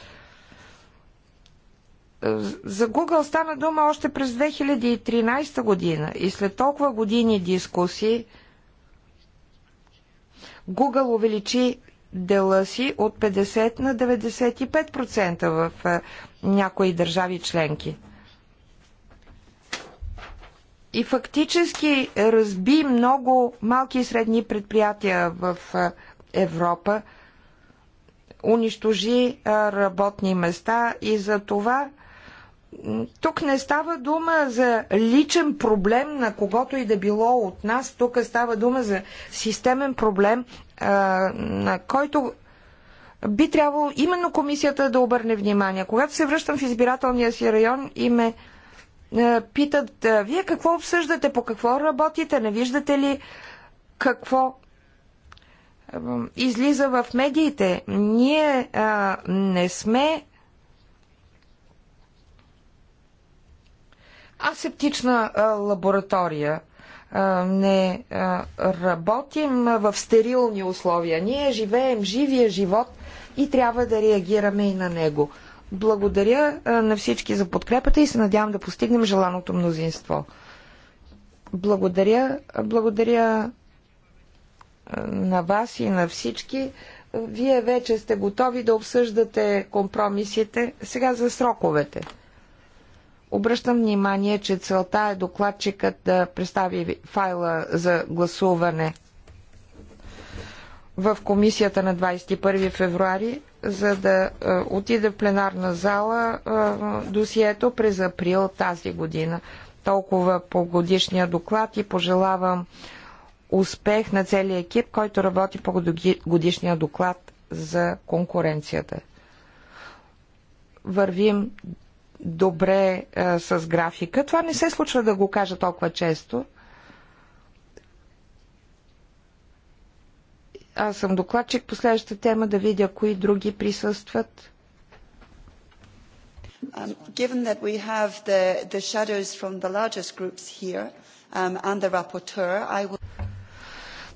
За Google стана дума още през 2013 година и след толкова години дискусии Google увеличи дела си от 50 на 95% в е, някои държави членки. И фактически разби много малки и средни предприятия в е, Европа, унищожи е, работни места и за това – тук не става дума за личен проблем на когото и да било от нас. Тук става дума за системен проблем, на който би трябвало именно комисията да обърне внимание. Когато се връщам в избирателния си район и ме питат, вие какво обсъждате, по какво работите, не виждате ли какво излиза в медиите. Ние а, не сме асептична лаборатория. Не работим в стерилни условия. Ние живеем живия живот и трябва да реагираме и на него. Благодаря на всички за подкрепата и се надявам да постигнем желаното мнозинство. Благодаря, благодаря на вас и на всички. Вие вече сте готови да обсъждате компромисите. Сега за сроковете. Обръщам внимание, че целта е докладчикът да представи файла за гласуване в комисията на 21 февруари, за да е, отиде в пленарна зала е, досието през април тази година. Толкова по годишния доклад и пожелавам успех на целия екип, който работи по годишния доклад за конкуренцията. Вървим добре а, е, с графика. Това не се случва да го кажа толкова често. Аз съм докладчик по следващата тема да видя кои други присъстват. Um, given that we have the, the shadows from the largest groups here um, and the rapporteur, I will...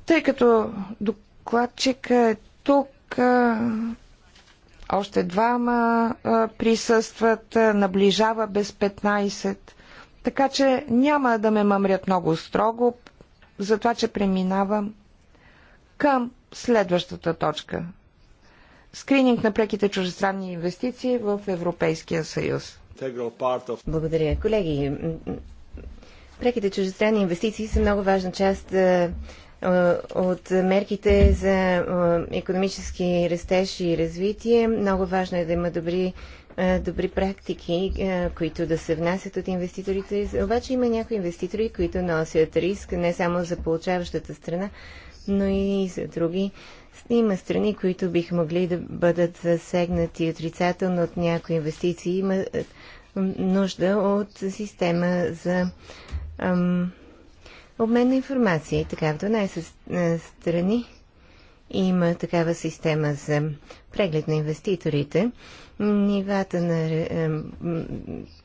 Тъй като докладчик е тук, е, още двама присъстват, наближава без 15. Така че няма да ме мъмрят много строго, затова че преминавам към следващата точка. Скрининг на преките чужестранни инвестиции в Европейския съюз. Благодаря. Колеги, преките чужестранни инвестиции са много важна част от мерките за економически растеж и развитие. Много важно е да има добри, добри практики, които да се внасят от инвеститорите. Обаче има някои инвеститори, които носят риск не само за получаващата страна, но и за други. Има страни, които биха могли да бъдат засегнати отрицателно от някои инвестиции. Има нужда от система за ам, обмен на информация. И така, в 12 е, страни има такава система за преглед на инвеститорите. Нивата на е,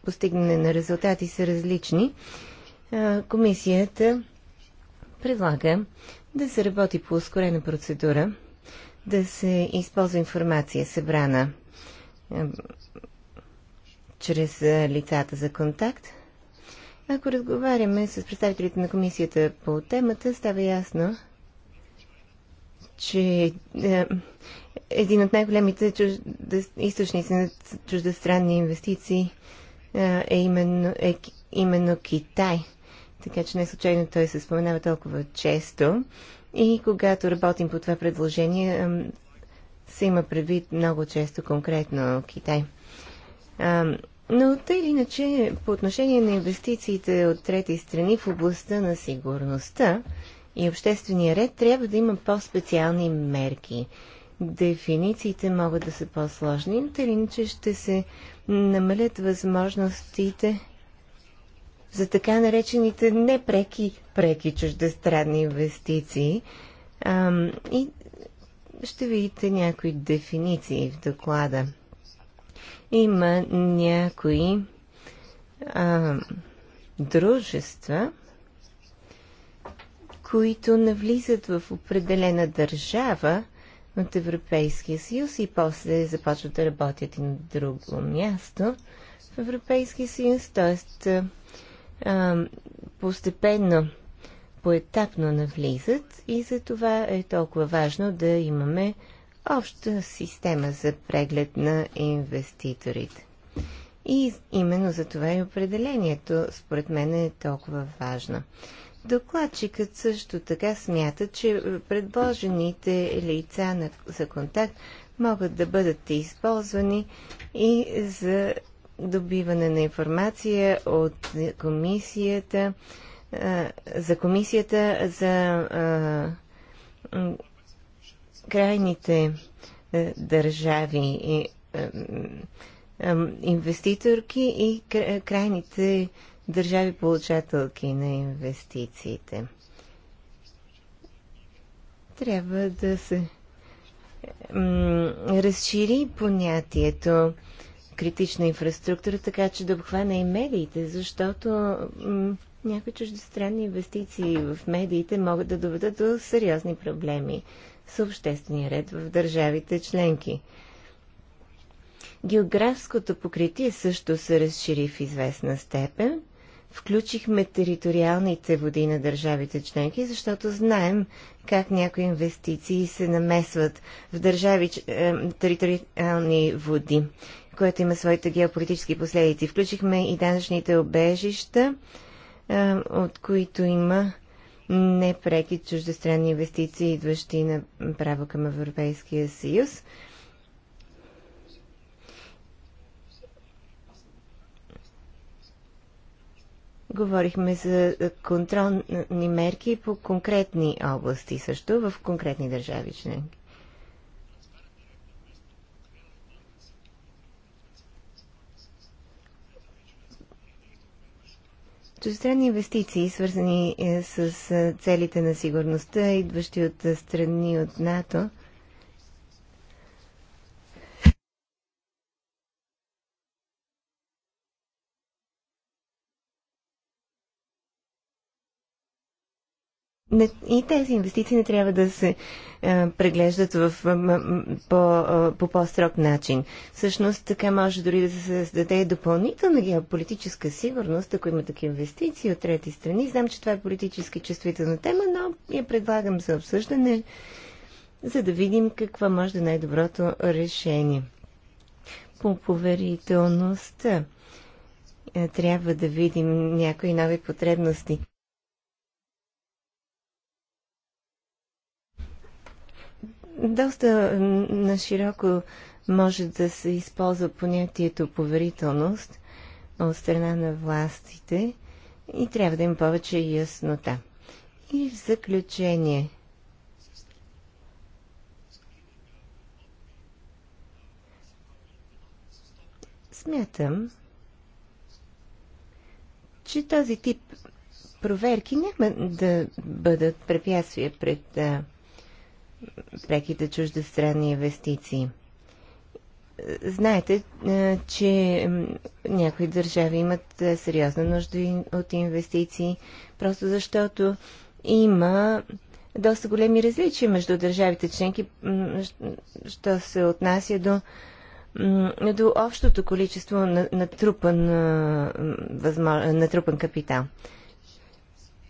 постигане на резултати са различни. Е, комисията предлага да се работи по ускорена процедура, да се използва информация събрана чрез лицата за контакт – ако разговаряме с представителите на комисията по темата, става ясно, че е, един от най-големите чужда, източници на чуждестранни инвестиции е, е именно, е именно Китай. Така че не случайно той се споменава толкова често. И когато работим по това предложение, е, се има предвид много често конкретно Китай. Е, но тъй или иначе, по отношение на инвестициите от трети страни в областта на сигурността и обществения ред, трябва да има по-специални мерки. Дефинициите могат да са по-сложни, но тъй или иначе ще се намалят възможностите за така наречените непреки, преки чуждестранни инвестиции. Ам, и ще видите някои дефиниции в доклада. Има някои а, дружества, които навлизат в определена държава от Европейския съюз и после започват да работят и на друго място в Европейския съюз, т.е. постепенно, поетапно навлизат и за това е толкова важно да имаме обща система за преглед на инвеститорите. И именно за това и е определението, според мен, е толкова важно. Докладчикът също така смята, че предложените лица на, за контакт могат да бъдат използвани и за добиване на информация от комисията, за комисията за крайните е, държави и е, е, инвеститорки и е, крайните държави получателки на инвестициите. Трябва да се разшири понятието критична инфраструктура, така че да обхване и медиите, защото някои чуждестранни инвестиции в медиите могат да доведат до сериозни проблеми съобществения ред в държавите членки. Географското покритие също се разшири в известна степен. Включихме териториалните води на държавите членки, защото знаем как някои инвестиции се намесват в държави е, териториални води, което има своите геополитически последици. Включихме и данъчните обежища, е, от които има непреки чуждестранни инвестиции, идващи на право към Европейския съюз. Говорихме за контролни мерки по конкретни области също в конкретни държави членки. Чуждестранни инвестиции, свързани е, с е, целите на сигурността, идващи от е, страни от НАТО, и тези инвестиции не трябва да се преглеждат в, по, по по-строг начин. Всъщност така може дори да се създаде допълнителна геополитическа сигурност, ако има такива инвестиции от трети страни. Знам, че това е политически чувствителна тема, но я предлагам за обсъждане, за да видим какво може да е най-доброто решение. По поверителността е, трябва да видим някои нови потребности. Доста нашироко може да се използва понятието поверителност от страна на властите и трябва да им повече яснота. И в заключение. Смятам, че този тип проверки няма да бъдат препятствия пред а, преките чуждестранни инвестиции. Знаете, е, че някои държави имат е, сериозна нужда от инвестиции, просто защото има доста големи различия между държавите членки, що се отнася до, до общото количество натрупан, е, възможно, натрупан капитал.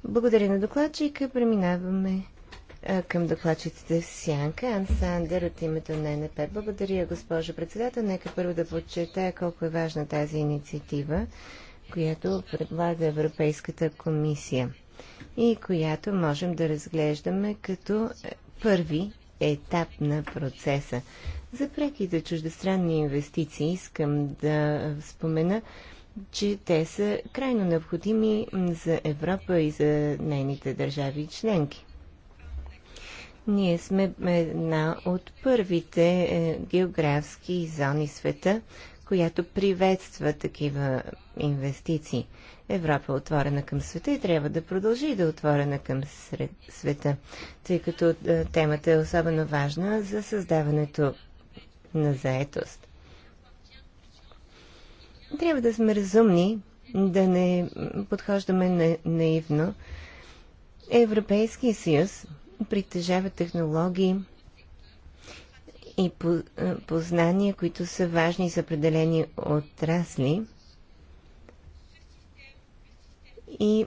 Благодаря на докладчика. Преминаваме към докладчиците Сянка. Ансандер от името на НП. Благодаря, госпожо председател. Нека първо да подчертая колко е важна тази инициатива, която предлага Европейската комисия и която можем да разглеждаме като е, първи етап на процеса. За преките чуждестранни инвестиции искам да спомена, че те са крайно необходими за Европа и за нейните държави членки. Ние сме една от първите е, географски зони света, която приветства такива инвестиции. Европа е отворена към света и трябва да продължи да е отворена към света, тъй като е, темата е особено важна за създаването на заетост. Трябва да сме разумни, да не подхождаме наивно. Европейския съюз притежава технологии и е, познания, които са важни за определени отрасли. И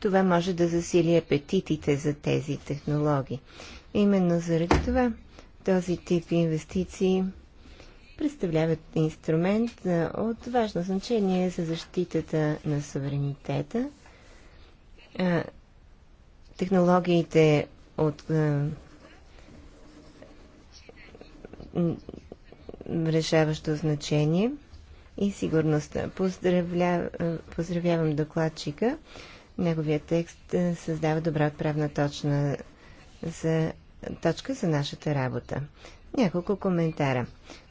това може да засили апетитите за тези технологии. Именно заради това този тип инвестиции представляват инструмент е, от важно значение за защитата на суверенитета, е, технологиите от е, решаващо значение и сигурността. Поздравля, е, поздравявам докладчика. Неговия текст е, създава добра отправна точна за, точка за нашата работа. Няколко коментара.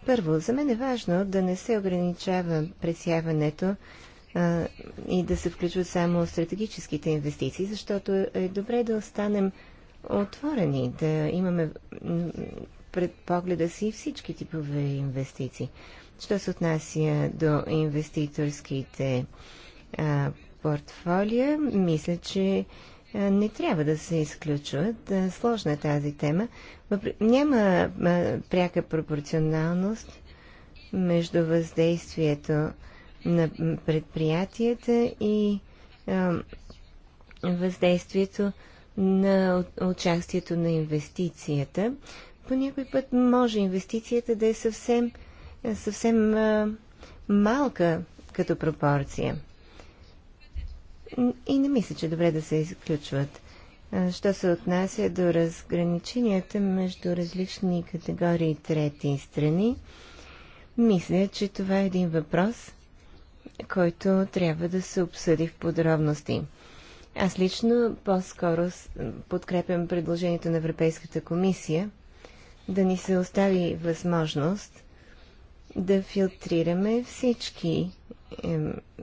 Първо, за мен е важно да не се ограничава пресяването и да се включват само стратегическите инвестиции, защото е добре да останем отворени, да имаме пред погледа си всички типове инвестиции. Що се отнася до инвеститорските а, портфолия, мисля, че а, не трябва да се изключват. А, сложна е тази тема. Няма а, пряка пропорционалност между въздействието на предприятията и а, въздействието на участието на инвестицията. По някой път може инвестицията да е съвсем, съвсем а, малка като пропорция. И не мисля, че е добре да се изключват. Що се отнася до разграниченията между различни категории трети страни, мисля, че това е един въпрос, който трябва да се обсъди в подробности. Аз лично по-скоро подкрепям предложението на Европейската комисия да ни се остави възможност да филтрираме всички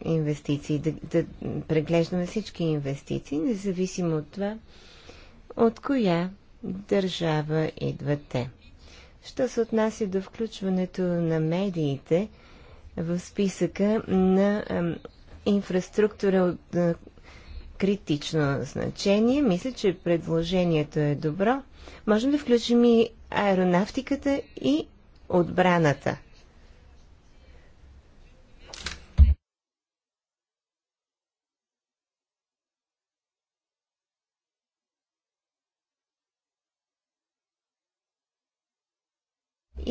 инвестиции, да, да преглеждаме всички инвестиции, независимо от това, от коя държава идват те. Що се отнася до включването на медиите в списъка на инфраструктура от критично значение. Мисля, че предложението е добро. Можем да включим и аеронавтиката и отбраната.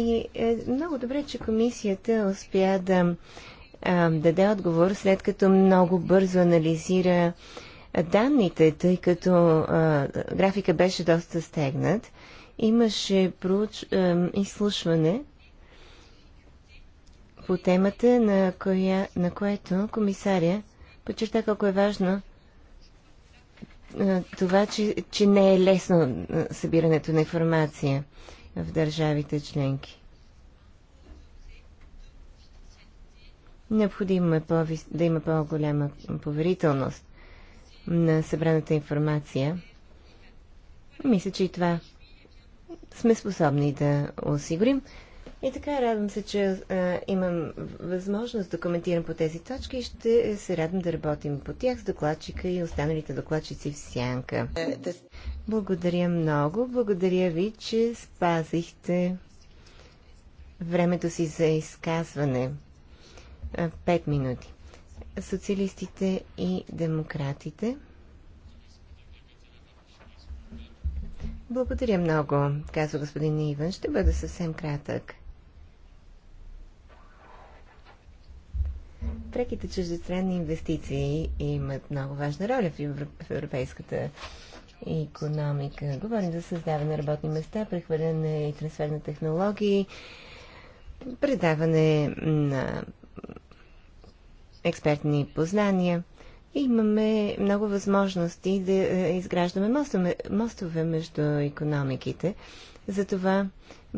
И е много добре, че комисията успя да а, даде отговор, след като много бързо анализира данните, тъй като а, графика беше доста стегнат. Имаше проуч, а, изслушване по темата, на, коя, на което комисаря подчерта колко е важно това, че, че не е лесно събирането на информация в държавите членки. Необходимо е да има по-голяма поверителност на събраната информация. Мисля, че и това сме способни да осигурим. И така, радвам се, че а, имам възможност да коментирам по тези точки и ще се радвам да работим по тях с докладчика и останалите докладчици в сянка. Благодаря много. Благодаря ви, че спазихте времето си за изказване. Пет минути. Социалистите и демократите. Благодаря много, казва господин Иван. Ще бъда съвсем кратък. преките чуждестранни инвестиции имат много важна роля в европейската економика. Говорим за създаване на работни места, прехвърляне и трансфер на технологии, предаване на експертни познания. Имаме много възможности да е, изграждаме мостове, мостове между економиките. Затова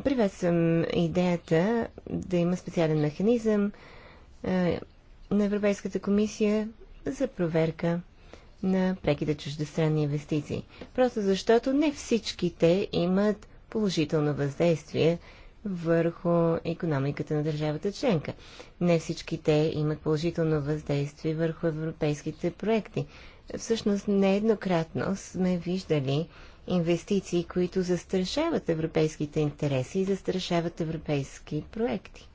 приветствам идеята да има специален механизъм, е, на Европейската комисия за проверка на преките чуждестранни инвестиции. Просто защото не всички те имат положително въздействие върху економиката на държавата членка. Не всички те имат положително въздействие върху европейските проекти. Всъщност нееднократно сме виждали инвестиции, които застрашават европейските интереси и застрашават европейски проекти.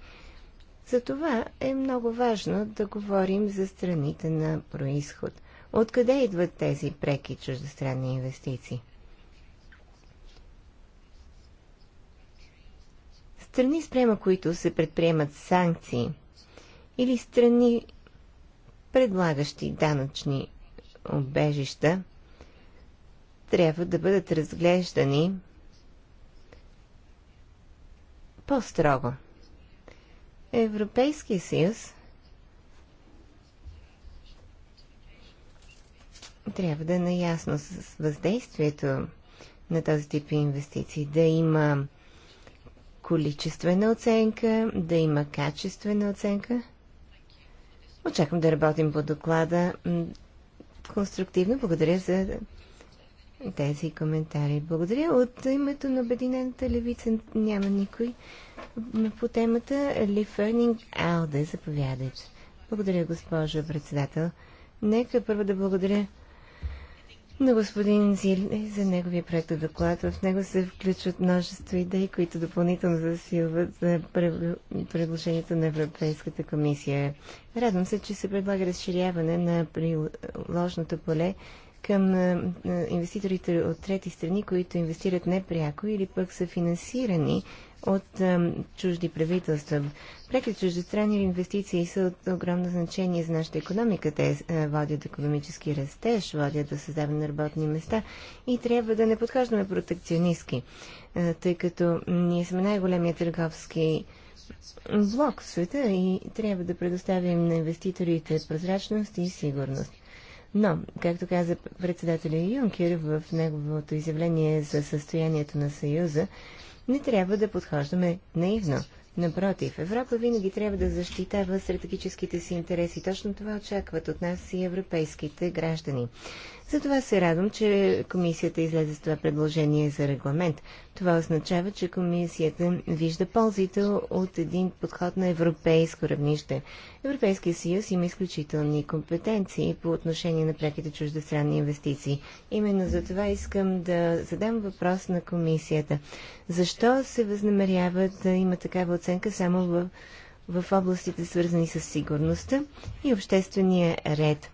Затова е много важно да говорим за страните на происход. Откъде идват тези преки чуждестранни инвестиции? Страни, спрема които се предприемат санкции или страни, предлагащи данъчни обежища, трябва да бъдат разглеждани по-строго. Европейския съюз трябва да е наясно с въздействието на този тип инвестиции, да има количествена оценка, да има качествена оценка. Очаквам да работим по доклада конструктивно. Благодаря за тези коментари. Благодаря. От името на Обединената левица няма никой по темата. Ли Фърнинг Алде, заповядайте. Благодаря, госпожа председател. Нека първо да благодаря на господин Зиле за неговия проект доклад. В него се включват множество идеи, които допълнително засилват за е, предложението на Европейската комисия. Радвам се, че се предлага разширяване на приложното поле към инвеститорите от трети страни, които инвестират непряко или пък са финансирани от чужди правителства. Преки чуждестранни инвестиции са от огромно значение за нашата економика. Те водят економически растеж, водят до създаване на работни места и трябва да не подхождаме протекционистки, тъй като ние сме най-големия търговски блок в света и трябва да предоставим на инвеститорите прозрачност и сигурност. Но, както каза председателя Юнкер в неговото изявление за състоянието на Съюза, не трябва да подхождаме наивно. Напротив, Европа винаги трябва да защитава стратегическите си интереси. Точно това очакват от нас и европейските граждани. Затова се радвам, че комисията излезе с това предложение за регламент. Това означава, че комисията вижда ползите от един подход на европейско равнище. Европейския съюз има изключителни компетенции по отношение на преките чуждестранни инвестиции. Именно за това искам да задам въпрос на комисията. Защо се възнамерява да има такава оценка само в, в областите свързани с сигурността и обществения ред?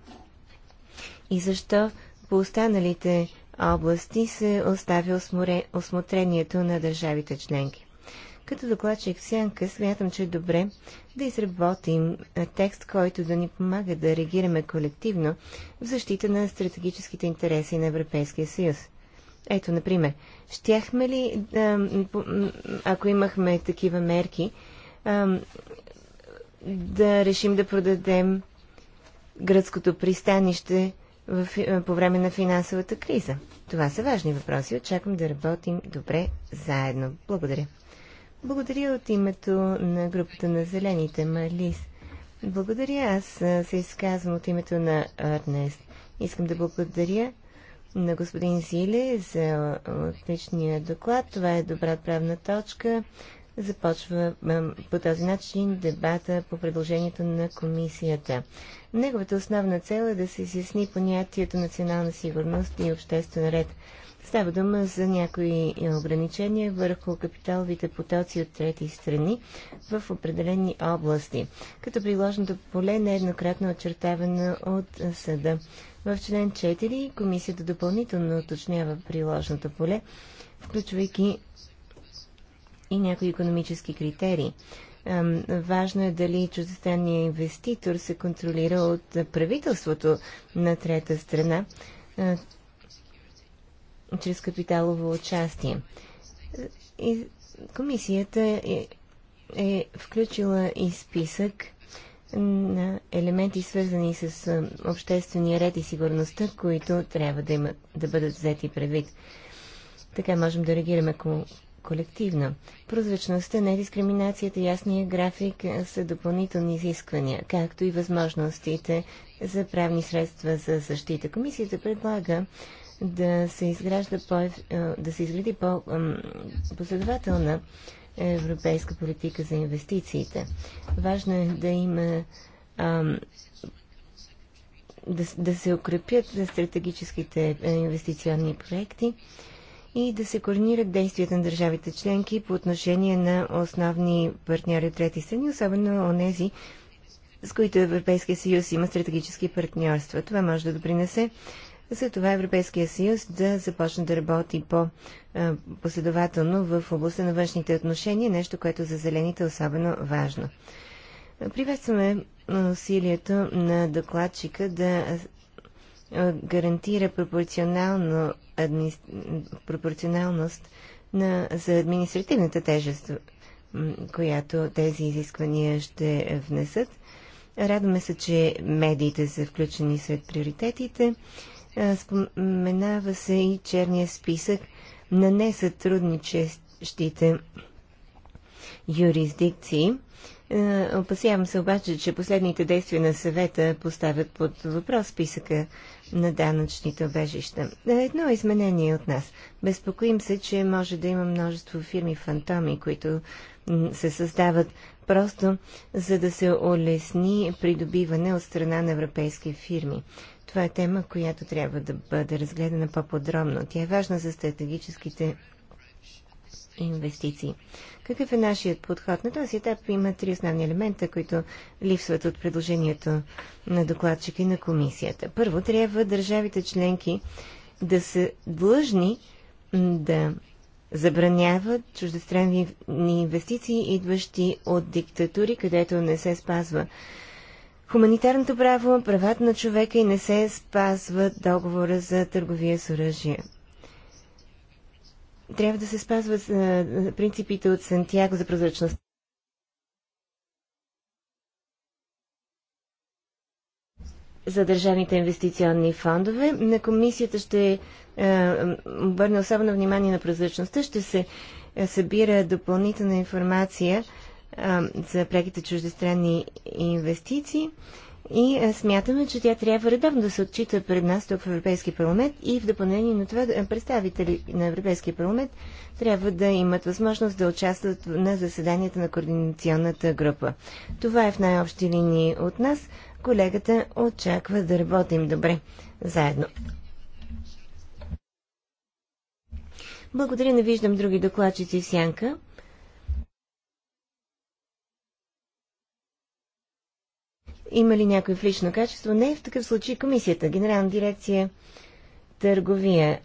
и защо по останалите области се оставя осмотрението на държавите членки. Като докладчик Сянка смятам, че е добре да изработим текст, който да ни помага да реагираме колективно в защита на стратегическите интереси на Европейския съюз. Ето, например, щяхме ли, ако имахме такива мерки, да решим да продадем гръцкото пристанище в, е, по време на финансовата криза? Това са важни въпроси. Очаквам да работим добре заедно. Благодаря. Благодаря от името на групата на зелените, Малис. Благодаря. Аз е, се изказвам от името на Арнест. Искам да благодаря на господин Зиле за отличния доклад. Това е добра правна точка започва по този начин дебата по предложението на комисията. Неговата основна цел е да се изясни понятието национална сигурност и обществен ред. Става дума за някои е, ограничения върху капиталовите потоци от трети страни в определени области, като приложното поле нееднократно очертавано от е, съда. В член 4 комисията допълнително уточнява приложното поле, включвайки и някои економически критерии. Важно е дали чуждестранният инвеститор се контролира от правителството на трета страна чрез капиталово участие. И комисията е, е включила и списък на елементи, свързани с обществения ред и сигурността, които трябва да, имат, да бъдат взети предвид. Така можем да реагираме колективно. Прозрачността, недискриминацията, ясния график е, са допълнителни изисквания, както и възможностите за правни средства за защита. Комисията предлага да се, изгражда по, е, да се изгради по-последователна европейска политика за инвестициите. Важно е да има да, да се укрепят стратегическите е, инвестиционни проекти и да се координират действията на държавите членки по отношение на основни партньори от трети страни, особено онези, с които Европейския съюз има стратегически партньорства. Това може да допринесе за това Европейския съюз да започне да работи по-последователно в областта на външните отношения, нещо, което за зелените е особено важно. Приветстваме усилието на докладчика да гарантира пропорционално, адми... пропорционалност на, за административната тежест, която тези изисквания ще внесат. Радваме се, че медиите са включени сред приоритетите. Споменава се и черния списък на несътрудничещите юрисдикции. Опасявам се обаче, че последните действия на съвета поставят под въпрос списъка на данъчните обежища. Е, едно изменение е от нас. Безпокоим се, че може да има множество фирми фантоми, които се създават просто за да се улесни придобиване от страна на европейски фирми. Това е тема, която трябва да бъде разгледана по-подробно. Тя е важна за стратегическите инвестиции. Какъв е нашият подход? На този етап има три основни елемента, които липсват от предложението на докладчика и на комисията. Първо, трябва държавите членки да са длъжни да забраняват чуждестранни инвестиции, идващи от диктатури, където не се спазва хуманитарното право, правата на човека и не се спазва договора за търговия с оръжие трябва да се спазват е, е, принципите от Сантьяго за прозрачност. за държавните инвестиционни фондове. На комисията ще е, обърне особено внимание на прозрачността. Ще се събира допълнителна информация за преките чуждестранни инвестиции и е, смятаме, че тя трябва редовно да се отчита пред нас тук в Европейския парламент и в допълнение на това е, представители на Европейския парламент трябва да имат възможност да участват на заседанията на координационната група. Това е в най-общи линии от нас. Колегата очаква да работим добре заедно. Благодаря, не виждам други докладчици в сянка. има ли някой в лично качество? Не, в такъв случай комисията, генерална дирекция търговия.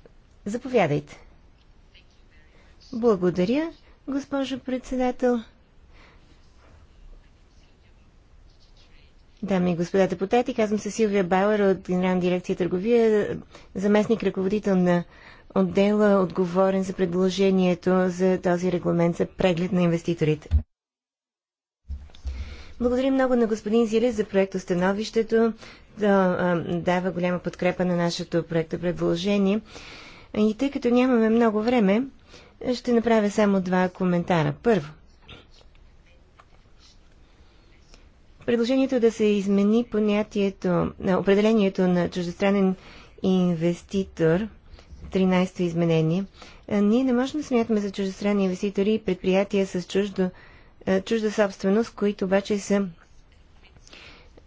Заповядайте. Благодаря, госпожо председател. Дами и господа депутати, казвам се Силвия Бауер от Генерална дирекция търговия, заместник ръководител на отдела, отговорен за предложението за този регламент за преглед на инвеститорите. Благодарим много на господин Зилес за Становището. Да, дава голяма подкрепа на нашето проекто предложение. И тъй като нямаме много време, ще направя само два коментара. Първо, предложението да се измени понятието, на определението на чуждестранен инвеститор, 13-то изменение, ние не можем да смятаме за чуждестранни инвеститори и предприятия с чуждо е, чужда собственост, които обаче са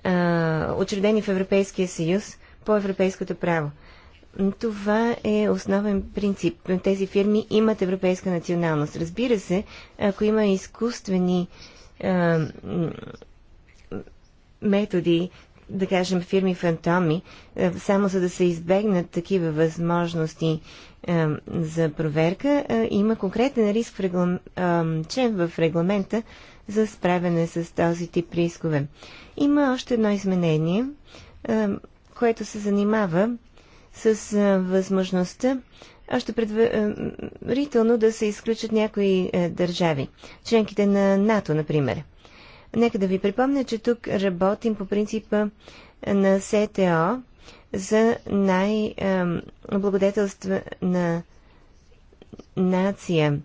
а, учредени в Европейския съюз по европейското право. Това е основен принцип. Тези фирми имат европейска националност. Разбира се, ако има изкуствени а, методи да кажем, фирми фантоми, е, само за да се избегнат такива възможности е, за проверка, е, има конкретен риск в реглам... член в регламента за справяне с този тип рискове. Има още едно изменение, което се занимава с възможността още предварително да се изключат някои държави. Членките на НАТО, например. Нека да ви припомня, че тук работим по принципа е, на СТО за най е, на нация.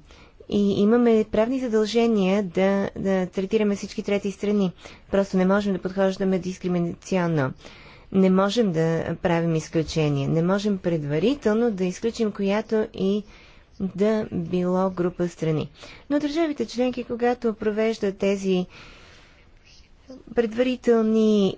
И имаме правни задължения да, да третираме всички трети страни. Просто не можем да подхождаме дискриминационно. Не можем да правим изключения. Не можем предварително да изключим която и да било група страни. Но държавите членки, когато провеждат тези предварителни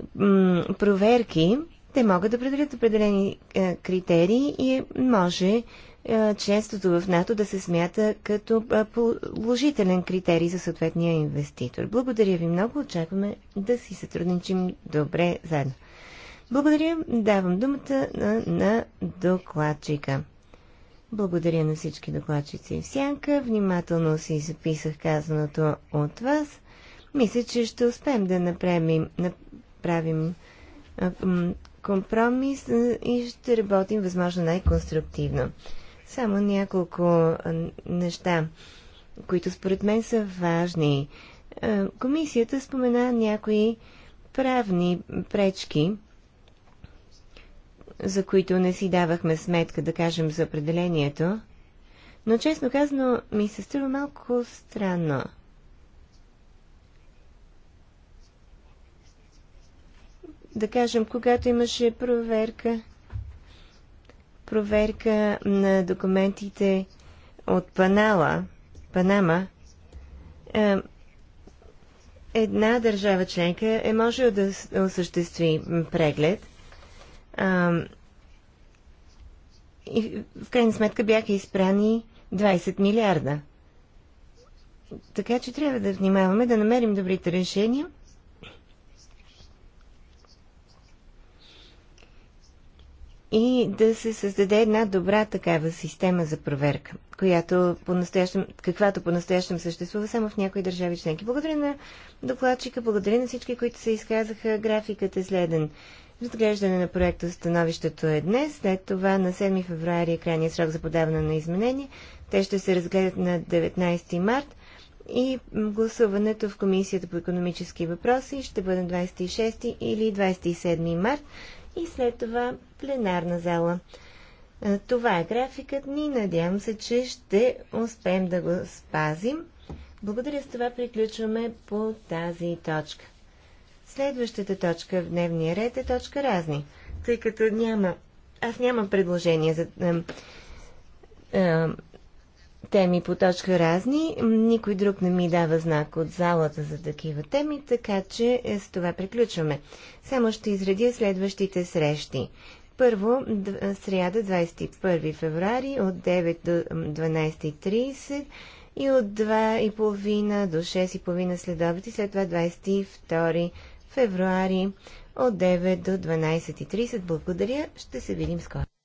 проверки, те могат да определят определени е, критерии и може е, членството в НАТО да се смята като е, положителен критерий за съответния инвеститор. Благодаря ви много. Очакваме да си сътрудничим добре заедно. Благодаря. Давам думата на, на докладчика. Благодаря на всички докладчици в сянка. Внимателно си записах казаното от вас мисля, че ще успеем да направим, направим компромис и ще работим възможно най-конструктивно. Само няколко неща, които според мен са важни. Комисията спомена някои правни пречки, за които не си давахме сметка, да кажем, за определението. Но честно казано, ми се струва малко странно – Да кажем, когато имаше проверка, проверка на документите от Панала, Панама, е, една държава членка е можела да осъществи преглед. Е, и в крайна сметка бяха изпрани 20 милиарда. Така че трябва да внимаваме да намерим добрите решения – и да се създаде една добра такава система за проверка, която по-настоящем, каквато по-настоящем съществува само в някои държави членки. Благодаря на докладчика, благодаря на всички, които се изказаха. Графикът е следен. Разглеждане на проекта становището е днес, след това на 7 февруари е крайният срок за подаване на изменения. Те ще се разгледат на 19 март и гласуването в Комисията по економически въпроси ще бъде 26 или 27 март и след това пленарна зала. Е, това е графикът ни. Надявам се, че ще успеем да го спазим. Благодаря с това приключваме по тази точка. Следващата точка в дневния ред е точка разни, тъй като няма... Аз нямам предложение за теми по точка разни. Никой друг не ми дава знак от залата за такива теми, така че е, с това приключваме. Само ще изредя следващите срещи. Първо, е, сряда 21 феврари от 9 до 12.30 и от 2.30 до 6.30 след обед и след това 22 февруари от 9 до 12.30. Благодаря, ще се видим скоро.